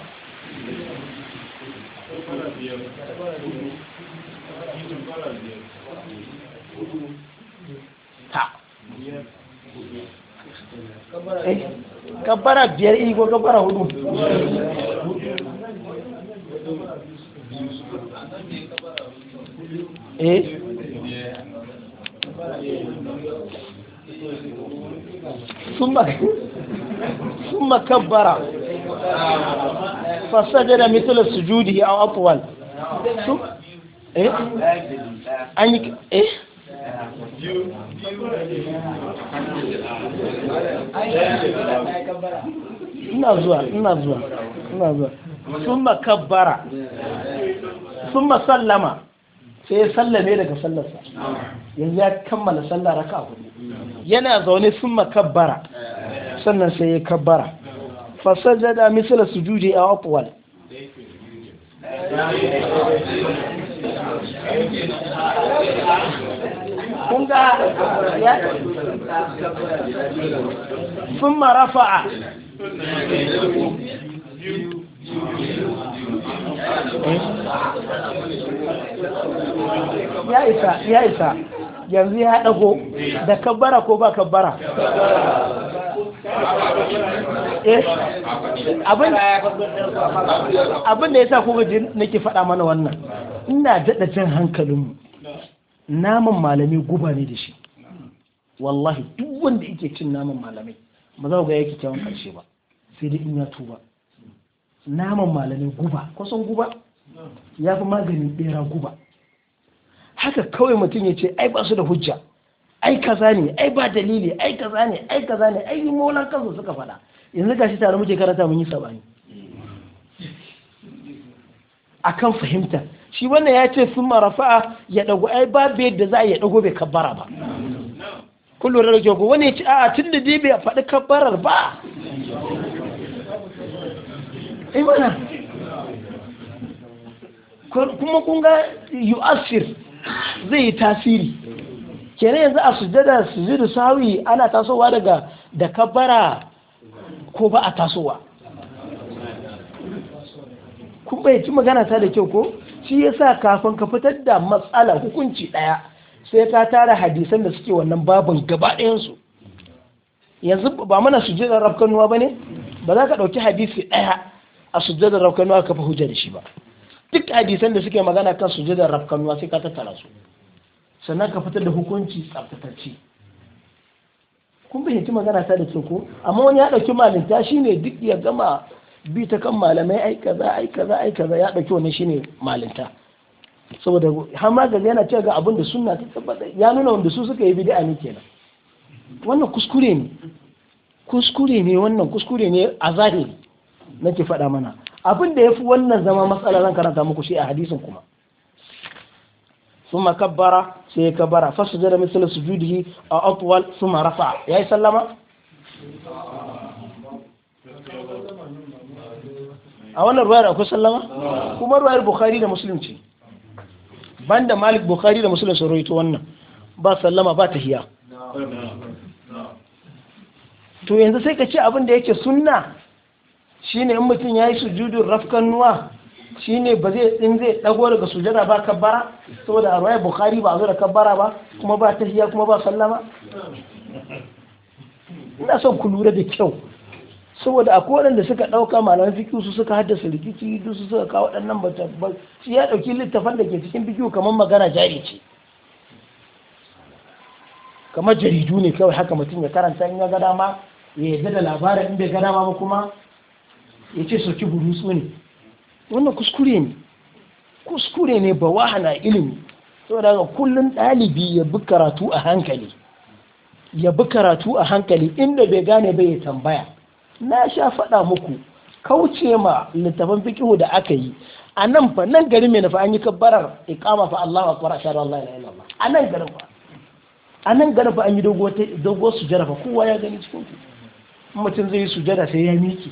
eh, kabbara biyar iko eh, kabbara hudu eh ثم كبر فسجد مثل سجوده أو أطول ثم إيه أنك إيه ina zuwa ina zuwa ina zuwa summa kabbara summa sallama sai ya sallame daga sallarsa yanzu ya kammala sallar raka hudu yana zaune summa kabbara sannan sai ya kabbara Fasal fasajada misala sujudi a atwal kun ga ya summa rafa'a ya isa ya isa yanzu ya dago da kabbara ko ba kabbara eh, abin da ya sa nake faɗa mana wannan ina daɗa jan hankalinmu naman malami guba ne da shi wallahi duk wanda yake cin naman malami ba za ga yake kyawun ƙarshe ba sai dai in ya tuba naman malamai guba kusan guba ya fi maganin bera guba haka kawai mutum ya ce ai ba su da hujja ai kaza ne ai ba dalili ai kaza ne ai kaza ne ai yi maula kansu suka faɗa yanzu gashi tare muke karanta mun yi sabani kan fahimta shi wannan ya ce sun marafa ya dago ai ba bai yadda za a ya dago bai kabbara ba kullum da rage wani ya ce a tun da dai bai faɗi kabbarar ba Eh, kuma kun ga asir zai yi tasiri kenan yanzu a su sujudu sawi ana tasowa daga da kabara ko ba a tasowa kun bayyaci magana ta da kyau ko shi ya sa kafin ka fitar da matsala hukunci daya sai ka tara hadisan da suke wannan babin gaba ɗayansu yanzu ba mana rafkan rafkanuwa ba ne ba za ka ɗauki hadisi ɗaya a sujjadar rafkanuwa ka fi hujja da shi ba duk hadisan da suke magana kan sujjadar rafkanuwa sai ka tattara su sannan ka fitar da hukunci tsaftatacce kun fahimci magana ta da ke ko amma wani ya ɗauki malinta ne duk ya gama bi ta kan malamai ai kaza ai kaza ai kaza ya ɗauki wannan ne malinta saboda har ma ga yana cewa ga abin da suna ta tabbata ya nuna wanda su suka yi bid'a ne kenan wannan kuskure ne kuskure ne wannan kuskure ne a zahiri nake faɗa mana abin da ya fi wannan zama matsala zan karanta muku shi a hadisin kuma Suma sai ثم كبر سي كبر فسجد مثل a otuwal suma rafa ya yi sallama? a wannan ruwayar akwai sallama kuma ruwayar bukhari da Musulunci, ban banda malik bukhari da Musulunci sun rawaito wannan ba sallama ba ta hiya. to yanzu sai ka ce abin da yake sunna shine in mutum ya yi sujudun rafkan nuwa shi ba zai in zai daga sujada ba kabbara saboda a ruwaya bukhari ba a zo da kabbara ba kuma ba tahiya kuma ba sallama ina son ku lura da kyau saboda akwai waɗanda suka ɗauka malamai fiki su suka haddasa rikici duk su suka kawo waɗannan ba tabbas shi ya ɗauki littafan da ke cikin fikiyu kamar magana jari ce kamar jaridu ne kawai haka mutum ya karanta in ya ga dama ya yarda da labarin in bai ga dama ba kuma ya ce sauki burutsu ne wannan kuskure ne kuskure ne ba wahana ilimi saboda ga kullum ɗalibi ya bi karatu a hankali ya bi karatu a hankali inda bai gane bai ya tambaya na sha faɗa muku kauce ma littafin fikihu da aka yi a nan fa nan gari mai nufa an yi kabbarar ikama fa Allahu wa kwara shara Allah ilaha illallah a nan garin fa a nan gari fa an yi dogo dogo sujada fa kowa ya gani cikin ku mutum zai yi sujada sai ya miki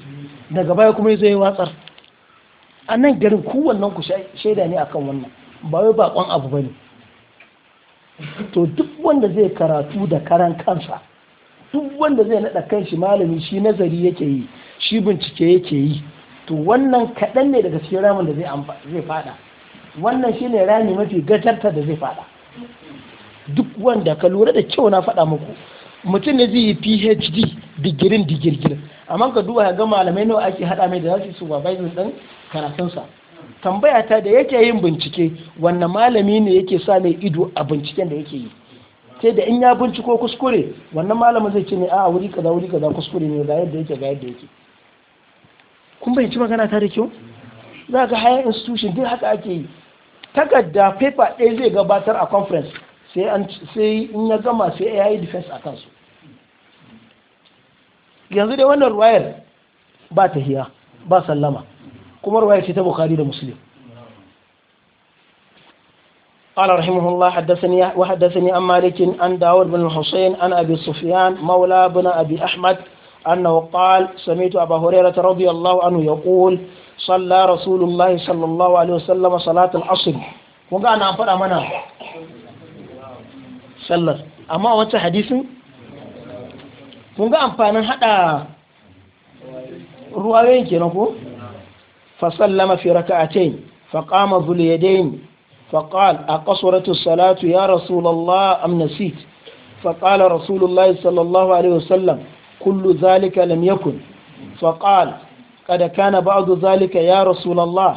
daga baya kuma ya zo ya watsar a nan garin kowannan ku shaida ne akan wannan ba wai bakon abu ba ne to duk wanda zai karatu da karan kansa duk wanda zai naɗa kan shi malami shi nazari yake yi shi bincike yake yi to wannan kaɗan ne daga cikin ramin da zai fada wannan shi ne rami mafi gatarta da zai fada duk wanda ka lura da kyau na faɗa muku mutum ne zai yi phd digirin digirgirin amma ka duba ga malamai nawa ake hada mai da za su supervising din karatunsa tambaya ta da yake yin bincike wanne malami ne yake sa mai ido a binciken da yake yi sai da in ya binciko kuskure wannan malamin zai ce ne a wuri kaza wuri kaza kuskure ne ga yadda yake ga yadda yake kun bayyanci magana ta da kyau za ga higher institution duk haka ake yi takarda paper ɗaya zai gabatar a conference sai in ya gama sai ya yi defense a kansu yanzu dai wannan ruwayar ba tahiya ba sallama kuma ruwayar ce ta bukhari da muslim قال رحمه الله حدثني وحدثني عن مالك عن داود بن الحسين عن ابي سفيان مولى بن ابي احمد انه قال سمعت ابا هريره رضي الله عنه يقول صلى رسول الله صلى الله عليه وسلم صلاه العصر kun ga ana faɗa mana sallar amma wancan hadisin kun ga amfanin hada ruwayoyin kenan ko fa sallama fi rak'atayn fa qama dhul yadayn fa qala aqsuratu salatu ya rasulullah am nasit fa qala rasulullah sallallahu alaihi wasallam kullu zalika lam yakun fa qala قد كان بعض ذلك يا رسول الله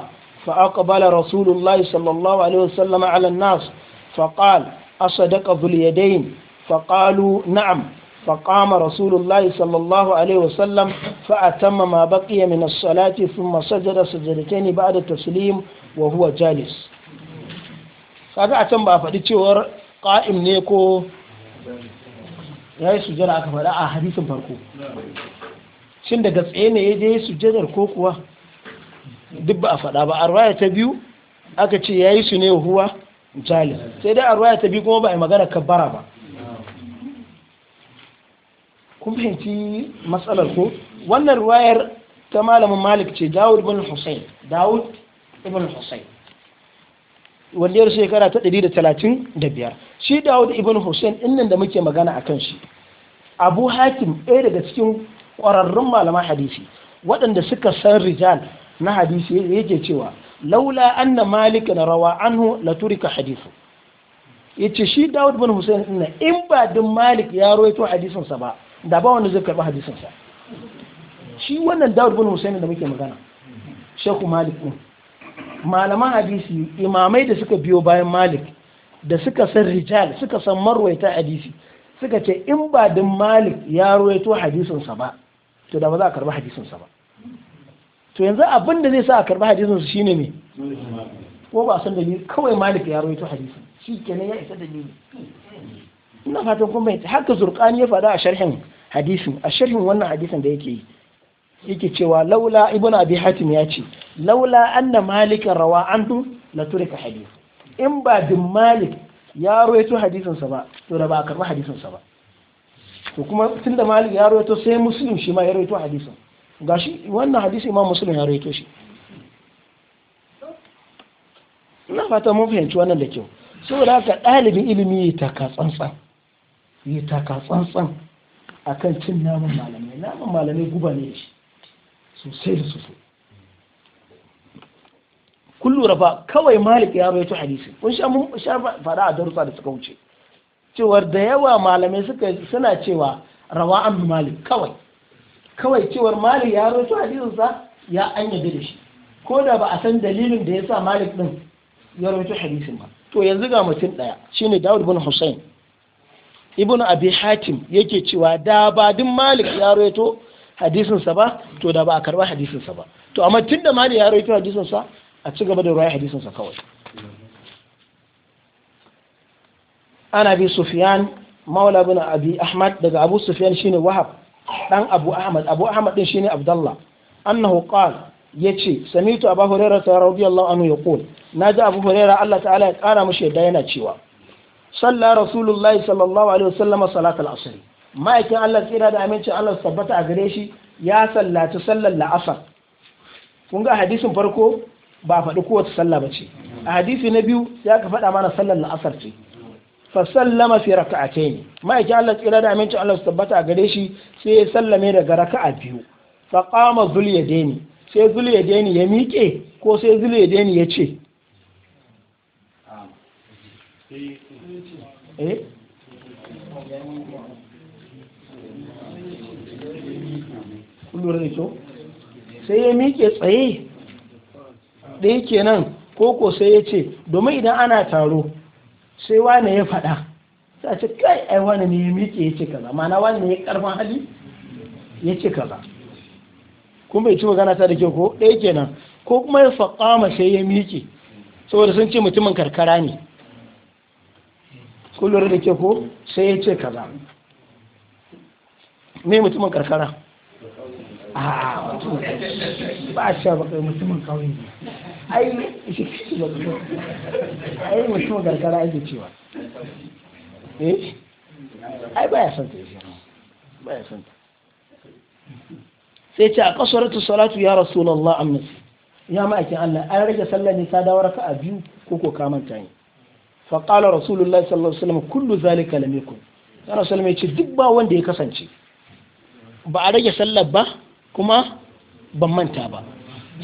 فأقبل رسول الله صلى الله عليه وسلم على الناس فقال أصدق ذو اليدين فقالوا نعم فقام رسول الله صلى الله عليه وسلم فأتم ما بقي من الصلاة ثم سجد سجدتين بعد التسليم وهو جالس kaga a can ba a faɗi cewar ƙa'im ne ko ya yi sujada aka faɗa a hadisin farko shin daga tsaye ne ya je sujadar ko kuwa duk ba a faɗa ba a arwaya ta biyu aka ce ya yi su ne huwa jalis sai dai a arwaya ta biyu kuma ba a yi magana kabbara ba kun fahimci matsalar ko wannan ruwayar ta malamin malik ce dawud ibn husayn dawud ibn husayn wanda ya shekara ta biyar shi dawud ibn husayn innan da muke magana akan shi abu hakim ɗaya daga cikin ƙwararrun malaman hadisi waɗanda suka san rijal na hadisi yake cewa laula an na malik na rawa anhu la turika hadisu yace shi dawud ibn husayn in ba din malik ya rawaito hadisinsa ba da ba wanda zai karɓi hadisinsa shi wannan dawud bin husaini da muke magana shehu malik ɗin malaman hadisi imamai da suka biyo bayan malik da suka san rijal suka san marwaita hadisi suka ce in ba din malik ya ruwaito hadisinsa ba to da ba za a karɓi hadisinsa ba to yanzu abin da zai sa a karɓi hadisinsa shine ne ko ba san dalili kawai malik ya ruwaito hadisin shi kenan ya isa dalili ina fatan kun bayyana haka zurqani ya faɗa a sharhin hadisin a sharhin wannan hadisin da yake yi yake cewa laula ibnu abi hatim ya ce laula anna malik rawa anhu la turika hadith in ba din malik ya rawaito hadisin sa ba to da ba a karba hadisin sa ba to kuma tunda malik ya rawaito sai muslim shi ma ya rawaito hadisin gashi wannan hadisi imam muslim ya rawaito shi ina fata mun fahimci wannan da kyau saboda haka ɗalibin ilimi ta ka tsantsan yi taka tsantsan akan cin naman malamai naman malamai guba ne shi sosai da sosai kun lura ba kawai malik ya rawaito hadisi kun sha mun sha fara a darussa da suka wuce cewar da yawa malamai suka suna cewa rawa an malik kawai kawai cewar malik ya rawaito hadisin sa ya anyade da shi ko da ba a san dalilin da yasa malik din ya rawaito hadisin ba to yanzu ga mutum daya shine Dawud bin Hussein ibnu abi hatim yake cewa da ba din malik ya rawaito hadisin sa ba to da ba a karba hadisin ba to amma tunda malik ya rawaito hadisin a ci gaba da ruwaya hadisin kawai ana bi sufyan maula bin abi ahmad daga abu sufyan shine wahab dan abu ahmad abu ahmad din shine abdullah annahu qala yace samitu abu hurairah radiyallahu anhu yaqul naji abu hurairah Allah ta'ala ya kara mushi yadda yana cewa صلى رسول الله صلى الله عليه وسلم صلاة العصر ما يكن الله سيرا دا أمين الله سبت أغريشي يا صلى العصر ga حديث فرقو ba faɗi kowace sallah ba ce a hadisi na biyu ya ka faɗa mana sallar la'asar ce fa sallama fi raka'atayn ma'aikin Allah tsira da amincin Allah su tabbata a gare shi sai ya sallame daga raka'a biyu fa qama zul yadaini sai zul yadaini ya miƙe ko sai zul yadaini ya ce eh sai ya miƙe tsaye ɗaya kenan koko sai ya ce domin idan ana taro sai wane ya faɗa sai ce kai ai wane ne ya miƙe ya ce kaza mana wane ne ya karfin hali ya ce kaza kuma bai ci magana ta da ke ko ɗaya kenan ko kuma ya faƙama sai ya miƙe saboda sun ce mutumin karkara ne kullum da ke ko sai ya ce kaza me mutumin karkara a ah, ba a ba kai mutumin kawai ai shi kishi ba kuma ai mutumin karkara ake cewa eh ai ba ya santa shi ba ya santa sai ce a kasuratu salatu ya rasulullah amince ya ma'aikin Allah an rage sallar nisa da waraka a biyu ko ko kamanta ne fa qala rasulullahi sallallahu alaihi wasallam kullu zalika lam yakun sallallahu alaihi wasallam ya ce duk ba wanda ya kasance ba a rage sallar ba kuma ban manta ba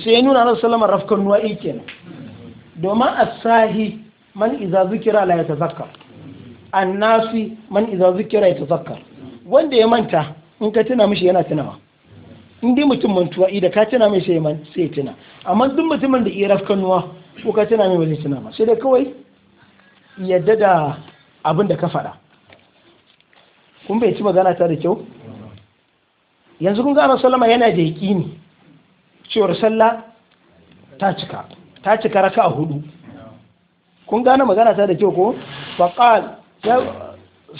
sai ya nuna Allah sallama rafkan nuwa kenan domin a sahi man iza zikira la yatazakkar annasi man iza zikira yatazakkar wanda ya manta in ka tuna mishi yana tunawa in dai mutum mantuwa idan ka tuna mai sai man tuna amma duk mutumin da iya rafkan nuwa ko ka tuna mai ba zai tuna ba sai dai kawai yadda da abin da ka faɗa kun bai ci magana ta da kyau yanzu kun gano salama yana da yaƙini cewar sallah ta cika ta cika raka a hudu kun gane magana ta da kyau ko faƙal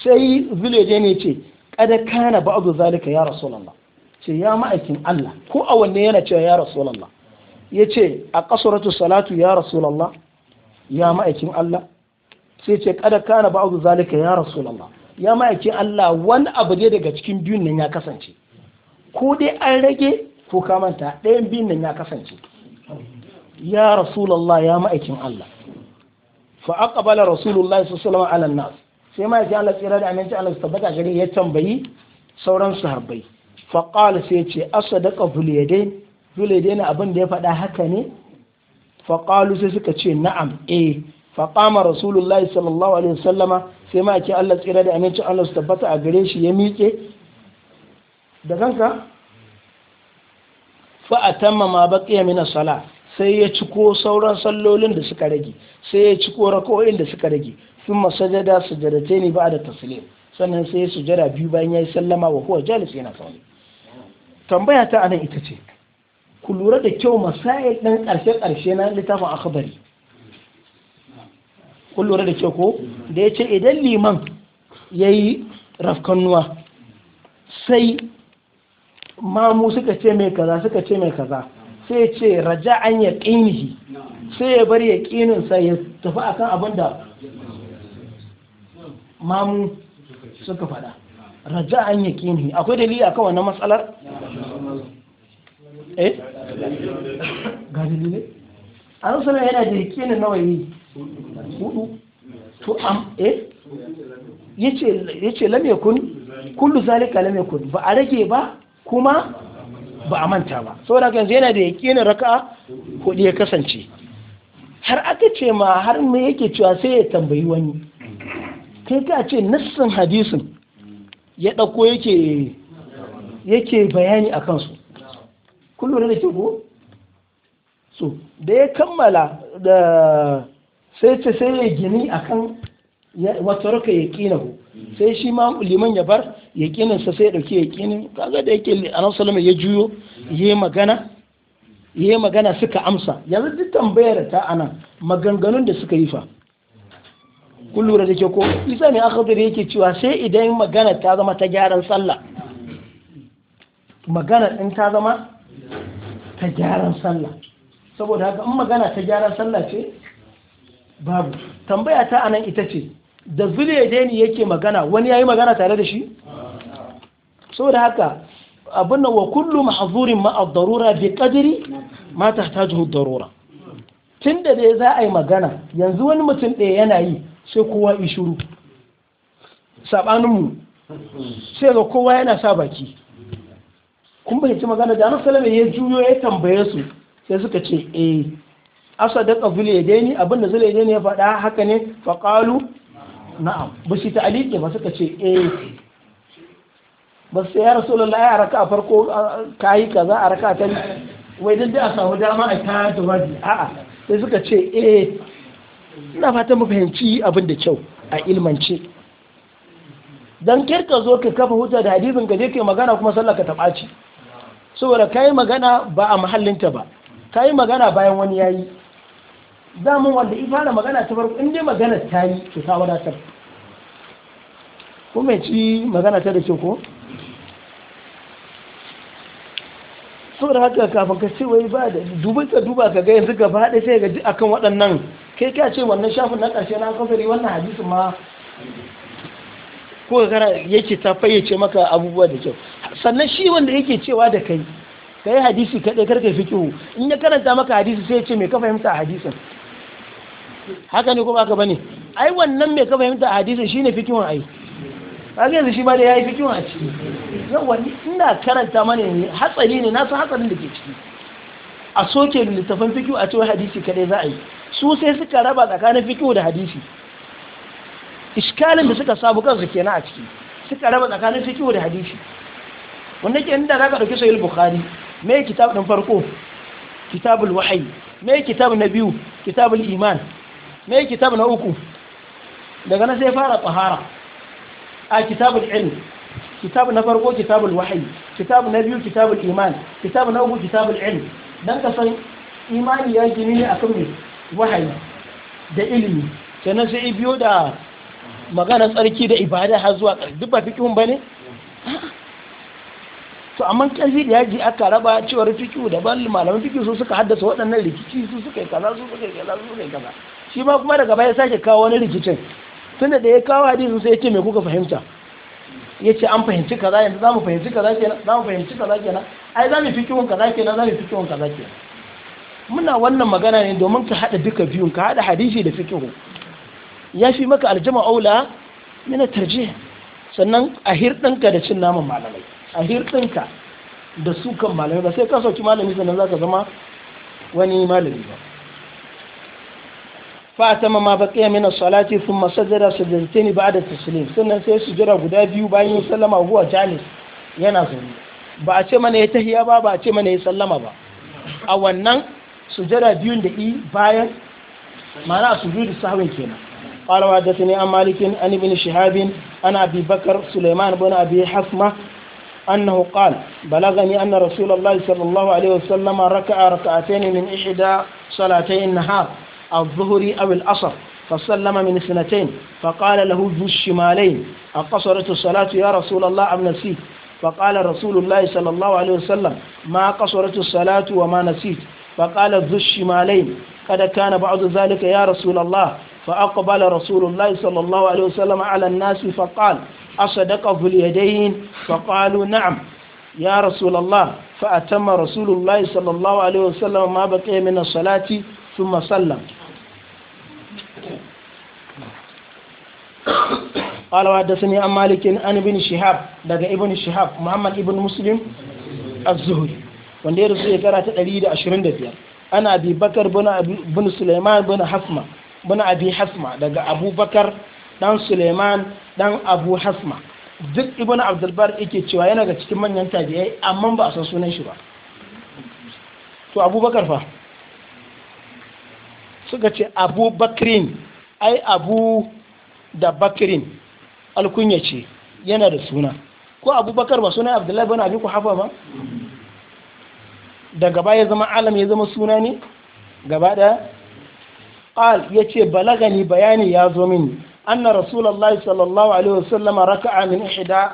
sai zuleje ne ce kada kana abu zalika ya rasulallah ce ya ma'aikin Allah ko a wanne yana cewa ya rasulallah ya ce a kasuratu salatu ya rasulallah ya ma'aikin Allah sai ce kada kana abu zalika ya rasulallah ya ma'aikin Allah wani abu ne daga cikin biyun nan ya kasance ko dai an rage ko ka manta ɗayan biyun nan ya kasance ya rasulallah ya ma'aikin Allah fa aqbala rasulullah sallallahu alaihi wasallam nas sai ma'aikin Allah tsira da aminci Allah tabbata gari ya tambayi sauran su harbai fa qala sai ce asadaqa bulyadain bulyadain abin da ya faɗa haka ne fa qalu sai suka ce na'am eh faƙama rasulullahi sallallahu alaihi wasallama sai ma ake allah tsira da amincin allah su tabbata a gare shi ya miƙe da kanka fa'atamma ma baƙiya mina sala sai ya ciko sauran sallolin da suka rage sai ya ciko rako'in da suka rage sun masajada sujadatai ne ba da taslim sannan sai ya sujada biyu bayan ya yi sallama wa kowa jalis yana sauni tambaya ta anan ita ce ku lura da kyau masayar ɗan ƙarshe-ƙarshe na littafin akabari kun lura da ke ko da ya ce idan liman ya yi rafkannuwa sai mamu suka ce mai kaza suka ce mai kaza sai ya ce raja an ya ƙinihi sai ya bar ya ƙininsa ya tafi kan abin da mamu suka faɗa raja an ya ƙinihi akwai dalili kawai na matsalar? eh? ga dalilai? a nasarar yana da ya ƙinin nawa yi hudu to am eh yace lam yakun kullu zalika lam yakun ba a rage ba kuma ba a manta ba saboda yanzu yana da yakinin raka hudu ya kasance har aka ce ma har me yake cewa sai ya tambayi wani kai ka ce nassin hadisin ya ɗauko yake yake bayani a kansu kullum da ke ko so da ya kammala da sai ce sai ya gini akan wata raka ya ku sai shi ma liman ya bar ya sa sai ya dauki ya kinin kaga da yake anan salama ya juyo ya magana ya magana suka amsa yanzu duk tambayar ta anan maganganun da suka yi fa kun lura da ke ko isa ne akhadir yake cewa sai idan magana ta zama ta gyaran sallah magana din ta zama ta gyaran sallah saboda haka in magana ta gyaran sallah ce babu tambaya ta anan ita ce da zuliyadeni yake magana wani yayi magana tare da shi saboda haka abin nan wa kullu mahzurin ma ad-darura bi qadri ma tahtajuhu ad-darura tunda dai za a yi magana yanzu wani mutum ɗaya yana yi sai kowa yi shiru sabaninmu sai ga kowa yana sa baki kun ci magana da annabi ya juyo ya tambaye su sai suka ce eh asadaka zuliyadaini abinda ne ya faɗa haka ne faqalu na'am ba shi ta'aliki ba suka ce eh ba sai ya rasulullah ya raka a farko kayi kaza a raka ta wai dan da a samu dama a ta a a'a sai suka ce eh ina fatan mu fahimci abin da kyau a ilmance dan kirka zo ka kafa huta da hadisin ka je kai magana kuma sallar ka ta ɓaci saboda kai magana ba a mahallinta ba kai magana bayan wani yayi damun wanda in fara magana ta farko in dai magana ta yi to ta wadatar ko mai ci magana ta da ce ko da haka kafin ka ce wai ba da dubai ka duba ka ga yanzu gaba da sai ga akan waɗannan kai ka ce wannan shafin na ƙarshe na kafari wannan hadisi ma ko kana yake ta fayyace maka abubuwa da kyau sannan shi wanda yake cewa da kai kai hadisi kaɗai karka fi kihu in ya karanta maka hadisi sai ya ce mai ka fahimta a hadisin haka ne ko ba ka bane ai wannan mai ka fahimta a hadisin shine fikihun ai kaga yanzu shi ba da yayi fikihun a ciki yawa ina karanta mana ne hatsari ne na san hatsarin da ke ciki a soke littafin fikihu a wai hadisi kadai za a yi su sai suka raba tsakanin fikihu da hadisi iskalin da suka sabu kansu kenan a ciki suka raba tsakanin fikihu da hadisi wanda ke inda za ka ɗauki sahih bukhari me kitab ɗin farko kitabul wahyi me kitab na biyu kitabul iman mai kitab na uku daga na sai fara tsahara a kitabul ilm kitab na farko kitabul wahyi kitab na biyu kitabul iman kitab na uku kitabul ilm dan ka san imani ya gini ne akan me wahayi da ilimi sannan sai biyo da magana tsarki da ibada har zuwa duk ba fikihun bane to amma ƙarfi da yaji aka raba cewar fikihu daban malaman fikihu su suka haddasa waɗannan rikici su suka yi kaza su suka yi kaza su suka yi kaza shi ma kuma daga baya sake kawo wani rikicin tun da ya kawo hadisin sai ya ce me kuka fahimta ya ce an fahimci kaza yanzu za mu fahimci kaza na za mu fahimci kaza na ai za mu fi kiwon kaza na za mu fi kiwon kaza kenan muna wannan magana ne domin ka haɗa duka biyun ka haɗa hadisi da fikihu ya fi maka aljama aula mina tarje sannan a hirɗinka da cin naman malamai a hirɗinka da sukan malamai ba sai ka sauki malami sannan za ka zama wani malami ba fatama ma ba kiyami na salati sun masajira su zirte ni ba da tashilin sannan sai su jira guda biyu bayan yin sallama huwa jani yana zuri ba a ce mana ya tahiya ba ba a ce mana ya sallama ba a wannan su jira biyun da i bayan mana su biyu da sahawin kenan qalawa da tani an malikin an ibn shihabin an abi bakar suleiman ibn abi hasma annahu qala balagani anna rasulullahi sallallahu alaihi wasallama raka'a raka'atayn min ihda salatayn nahar الظهر أو الأصر فسلم من اثنتين فقال له ذو الشمالين أقصرت الصلاة يا رسول الله أم نسيت فقال رسول الله صلى الله عليه وسلم ما قصرت الصلاة وما نسيت فقال ذو الشمالين قد كان بعض ذلك يا رسول الله فأقبل رسول الله صلى الله عليه وسلم على الناس فقال أصدق ذو اليدين فقالوا نعم يا رسول الله فأتم رسول الله صلى الله عليه وسلم ما بقي من الصلاة ثم سلم قال وحدثني عن مالك عن ابن شهاب دغ ابن شهاب محمد ابن مسلم الزهري wanda ya rasu shekara ta 125 ana abi bakar bin suleiman bin hasma bin abi hasma daga abubakar dan suleiman dan abu hasma duk ibn abdulbar yake cewa yana ga cikin manyan tabi'ai amma ba a san sunan shi ba to abubakar fa suka ce abu bakrin ai abu da bakirin alkunya ce yana da suna ko abubakar ba suna abdullahi bane ku hafa ba daga baya zama alam ya zama suna ne gaba da ce balaga balagani bayani ya zo mini anna rasulallah sallallahu alaihi raka amin min ihda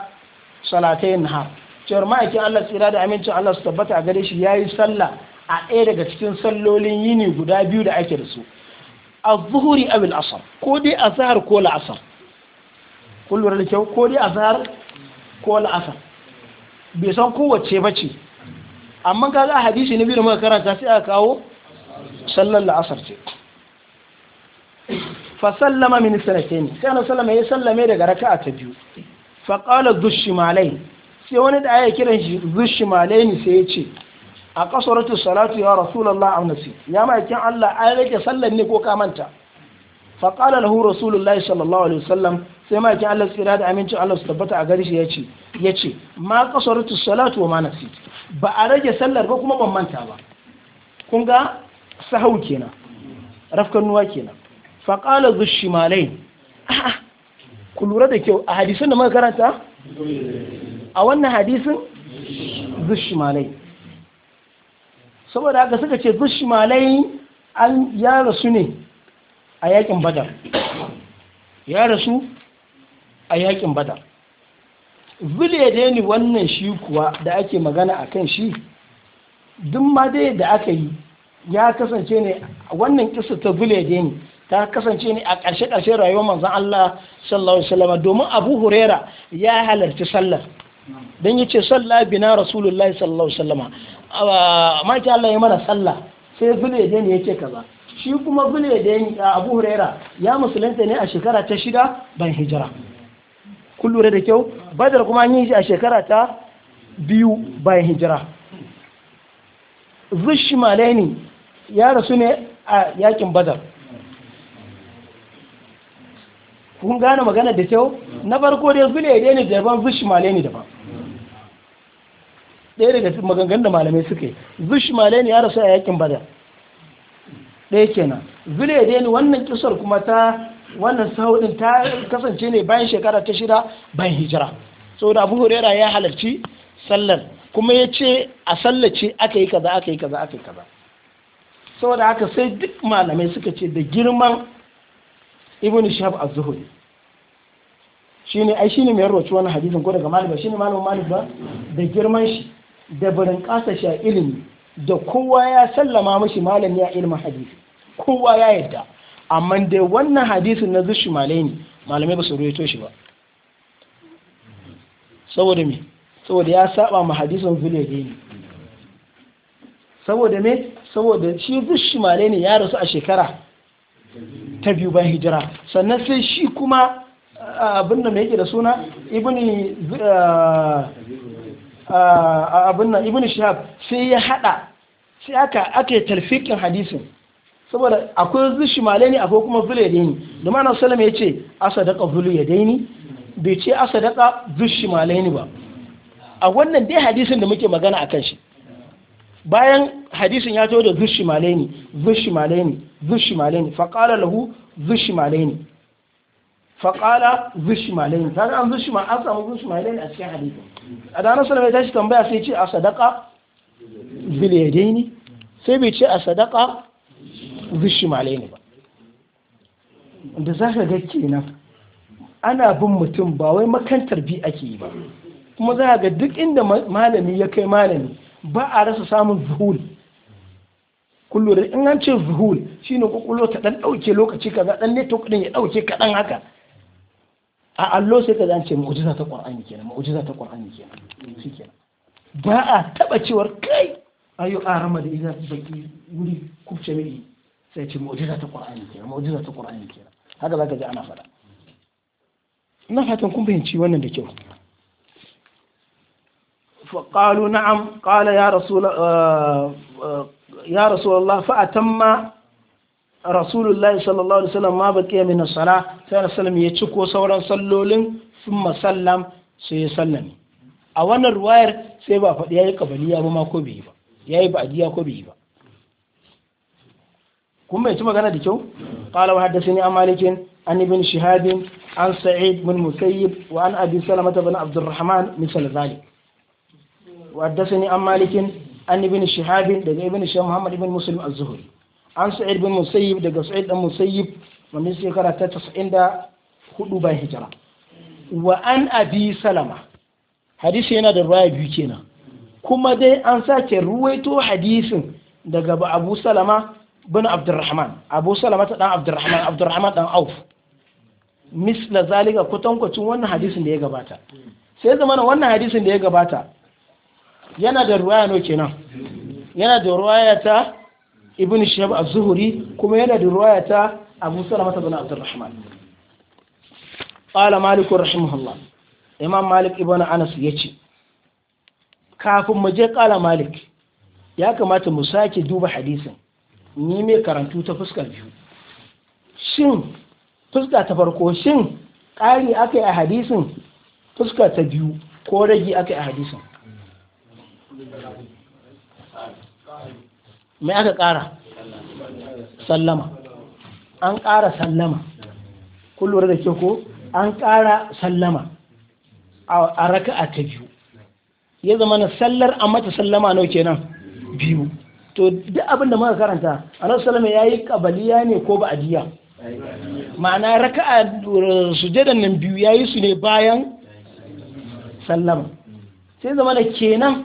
na har cewar ma'aikin Allah tsira da amincin Allah su tabbata a gare shi ya yi sallah a ɗaya daga cikin sallolin yini guda biyu da ake da su A zuhuri aw al ko dai a zahar ko la'asar, kullum da kyau ko dai a zahar ko la'asar, bai san kowace ce, amma a hadisi na biyu da muka karanta sai aka kawo sallar la'asar ce fa sallama min ne sai na sallama ya sallame daga raka'a ta biyu fa qala dhushimalain sai wani da aya kiran shi ne sai ya ce a kasuratu salatu ya rasulullah an nasi ya ma'aikin Allah an rage sallar ne ko ka manta fa qala lahu rasulullah sallallahu alaihi wasallam sai ma'aikin Allah tsira da amincin Allah su tabbata a gari shi yace yace ma kasuratu salatu wa ma nasi ba a rage sallar ba kuma ban manta ba kun ga sahau kenan rafkan nuwa kenan fa qala zushimalain ku lura da kyau a hadisin da muka karanta a wannan hadisin zushimalain saboda haka suka ce dushmalai an ya rasu ne a yakin badar ya rasu a yakin badar ne wannan shi kuwa da ake magana a kan shi duk ma dai da aka yi ya kasance ne wannan kisa ta ne ta kasance ne a ƙarshe-ƙarshe rayuwar manzan Allah sallallahu Alaihi wasallam domin abu Hurera ya halarci sallar don yace sallah bina rasulullahi sallallahu Alaihi wasallama maki Allah ya mana sallah sai zulaidain ya yake kaza shi kuma zulaidain abu huraira ya musulunta ne a shekara ta shida ban hijira kun da kyau badar kuma an yi shi a shekara ta biyu bayan hijira zushi maleni ya rasu ne a yakin badar kun gane magana da kyau na farko dai zule ne ban zushi da daban ɗaya daga maganganun da malamai suka yi zushmalaini ya rasu a yakin bada ɗaya kenan zule da ni wannan kisar kuma ta wannan sahudin ta kasance ne bayan shekara ta shida bayan hijira saboda abu huraira ya halarci sallar kuma ya ce a sallace aka yi kaza aka yi kaza aka yi kaza saboda haka sai duk malamai suka ce da girman ibn shahab az-zuhri shine ai shine mai rawaci wannan hadisin ko daga malik shine malamin malik da girman shi da barin kasa a ilimi da kowa ya sallama mashi malami ya ilimin hadisi kowa ya yadda amma dai wannan hadisin na zushi malami malamai ba su ruwaito shi ba saboda me saboda ya saba ma hadisin da ne saboda me saboda shi zushi malami ya rasu a shekara ta biyu ban hijira sannan sai shi kuma abin da mai yake da suna ibini eh, abin nan ibn shahab sai ya hada sai aka aka yi talfikin hadisin saboda akwai zushi ne akwai kuma zule da ni da mana salama ya ce asadaka zulu ya daini bai ce asadaka zushi ne ba a wannan dai hadisin da muke magana a kan shi bayan hadisin ya zo da zushi ne zushi ne zushi ne faƙala lahu zushi faƙala zushimalain ta an zushima an samu zushimalain a cikin hadithin a da nasu da mai tashi tambaya sai ce a sadaka biliyadaini sai bai ce a sadaka zushimalain ba da za ka ga kenan ana bin mutum ba wai makantar bi ake yi ba kuma za ga duk inda malami ya kai malami ba a rasa samun zuhul kullum in an ce zuhul shine kokulo ta ɗan ɗauke lokaci kaza ɗan ne to kudin ya ɗauke kaɗan haka a allo sai ka zance mu'jiza ta qur'ani kenan mu'jiza ta qur'ani kenan shikenan ba a taba cewar kai ayo a rama da idan baki wuri kubce mai sai ce mu'jiza ta qur'ani kenan mu'jiza ta qur'ani kenan haka zaka ji ana faɗa ina fatan kun fahimci wannan da kyau فقالوا نعم قال يا رسول يا رسول الله فأتم rasulullahi sallallahu alaihi wasallam ma baqiya min as-sala sai rasulullah ya ci ko sauran sallolin thumma sallam sai ya sallame a wannan ruwayar sai ba faɗi yayi kabaliya ba ma ko bai ba yayi ba'diya ko bai ba Kuma ya ci magana da kyau qala wa haddathani amalik an ibn shihab an sa'id bin musayyib wa an abi salamah bin abdurrahman misal zalik wa haddathani an malik an ibn shihab daga ibn shihab muhammad ibn muslim az-zuhri an sa'id bin musayyib daga sa'id dan musayyib wannan shekara ta 94 bayan hijira wa an abi salama hadisi yana da ruwaya biyu kenan kuma dai an sake ruwaito hadisin daga abu salama bin abdurrahman abu salama ta dan abdurrahman abdurrahman dan auf misla zalika kwatankwacin wannan hadisin da ya gabata sai na wannan hadisin da ya gabata yana da ruwaya no kenan yana da ruwaya ta ibn shihab az-zuhri kuma yana da riwaya ta abu salama bin abdurrahman qala malik rahimahullah imam malik ibn anas yace kafin mu je qala malik ya kamata mu sake duba hadisin ni mai karantu ta fuskar biyu shin fuska ta farko shin ƙari aka yi a hadisin fuska ta biyu ko ragi aka yi a hadisin mai aka ƙara sallama an ƙara sallama kullum da ke ko an ƙara sallama a raka'a ta biyu ya zama na sallar a mata sallama nau kenan biyu to duk abin da muka karanta nan sallama yi kabaliya ne ko ba'adiyya? ma'ana raka'a sujadan nan biyu yayi su ne bayan sallama sai zama da kenan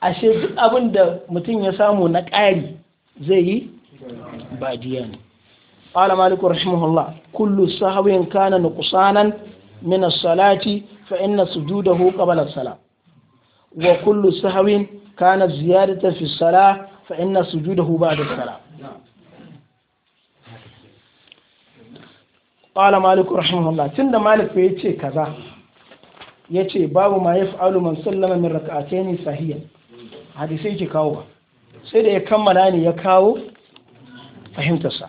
ashe duk abin da mutum ya samu na ƙari zai yi badiya ne ƙwala maliku rahimahullah kullu sahawin kana nuƙusanan kusanan minas salati fa inna su juda hu ƙabalar sala wa kullu sahawin kana ziyarar tafi sala fa inna su juda hu ba da sala ƙwala maliku rahimahullah tun da maliku ya kaza yace babu ma ya fi alu man sallama min raka'atai ne sahiya hadisai ke kawo ba sai da ya kammala ne ya kawo fahimtarsa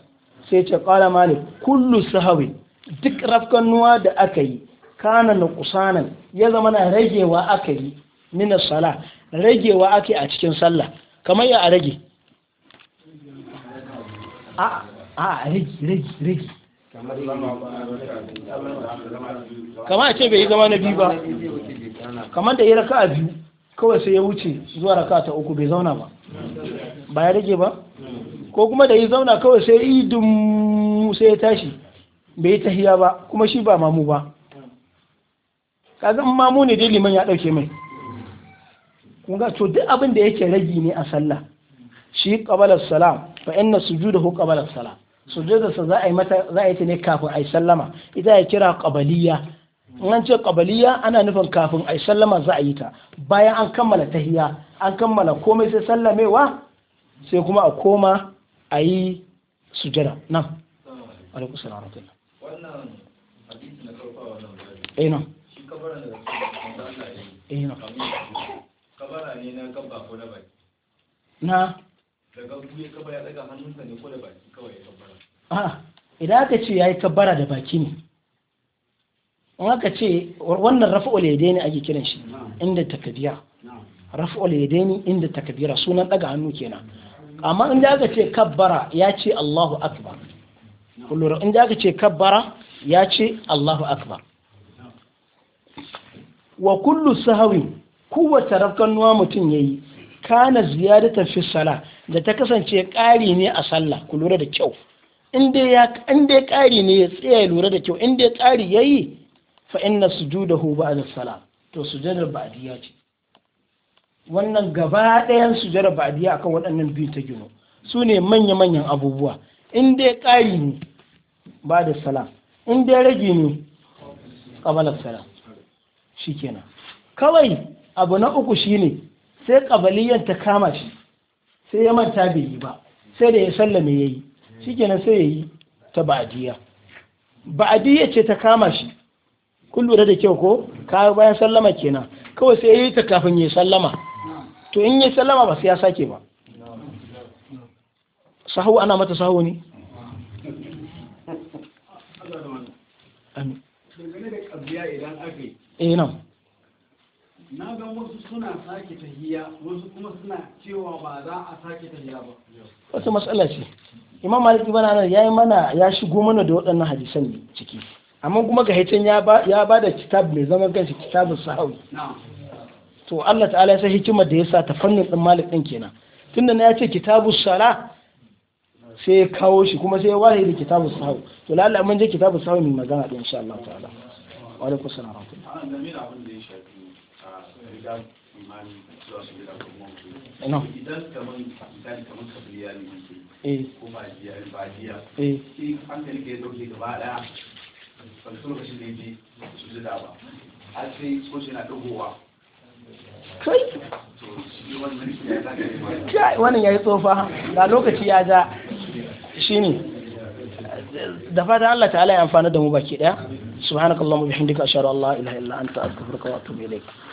sai ce kala malik kullu sahawi duk nuwa da aka yi kana na kusanan ya zama na ragewa aka yi Nina sala ragewa ake a cikin sallah kamar ya a rage a a rage rage rage kamar a ce bai yi zama na biyu ba kamar da ya raka a biyu kawai sai ya wuce zuwa raka ta uku bai zauna ba ba ya rage ba ko kuma da yi zauna kawai sai idin sai ya tashi bai yi tahiya ba kuma shi ba mamu ba kazan mamu ne dai liman ya dauke mai kun ga to duk abin da yake ragi ne a sallah shi qabala salam fa inna sujudahu qabala salam sujudarsa sa za a yi mata za a yi ta ne kafin a yi sallama ita ya kira qabaliya an ce kabaliya ana nufin kafin a yi sallama za a yi ta bayan an kammala tahiya an kammala komai sai sallamewa sai kuma a koma a yi sujada nan alaikum salam wannan eh, eh, hadisi na karfa wannan eh nan shi kabara da eh nan kabara ne na gaba ko na baki na daga buye kabara daga hannunsa ne ko da baki kawai ya kabara a idan aka ce ya yi kabara da baki ne in aka ce wannan rafa'ul yadaini ake kiran shi inda takbira rafa'ul yadaini inda takbira sunan daga hannu kenan amma in da aka ce kabbara ya ce Allahu akbar kullura in da aka ce kabbara ya ce Allahu akbar wa kullu sahawi kowace rafkan nuwa mutum yayi kana ziyadatan fi sala da ta kasance ƙari ne a sallah ku lura da kyau in dai ya ƙari ne ya tsaya lura da kyau in dai ƙari ya yi. fa inna sujudahu ba'da salam to sujadar ba'diya ce wannan gaba ɗayan sujadar ba'diya akan waɗannan biyu ta gino su ne manya-manyan abubuwa in dai ƙari ne ba da salam in dai rage ne ƙabalar salam shi kenan kawai abu na uku shine sai ƙabaliyyar ta kama shi sai ya manta bai yi ba sai da ya sallame ya yi shi kenan sai ya yi ta ba'adiyya ba'adiyya ce ta kama shi kun lura da kyau ko kawai bayan sallama kenan kawai sai yi ta kafin ya sallama to in ya sallama ba sai ya sake ba sahu ana mata sahu ne eh nan na ga wasu suna sake tahiya wasu kuma suna cewa ba za a sake tahiya ba wasu matsala ce imam maliki bana nan yayi mana ya shigo mana da waɗannan hadisan ciki amma kuma ga hicin ya ba da kitab mai zama kanshi kitabun sahawi to Allah ta'ala ya san hikimar da ya sa ta fannin ɗin malik ɗin kenan tunda na ya ce kitabun sala sai ya kawo shi kuma sai ya wahayi da kitabun sahawi to lalla mun je kitabun sahawi mai magana din insha Allah ta'ala wa alaikum salam wa rahmatullahi ah, idan kamar eh. ko ba jiya ba jiya eh. an gaba wannan ya yi tsofa da lokaci ya ja da fata Allah ta'ala ya amfani da mu baki daya subhanakallahumma bihamdika ashhadu an la ilaha illa anta astaghfiruka wa atubu ilaik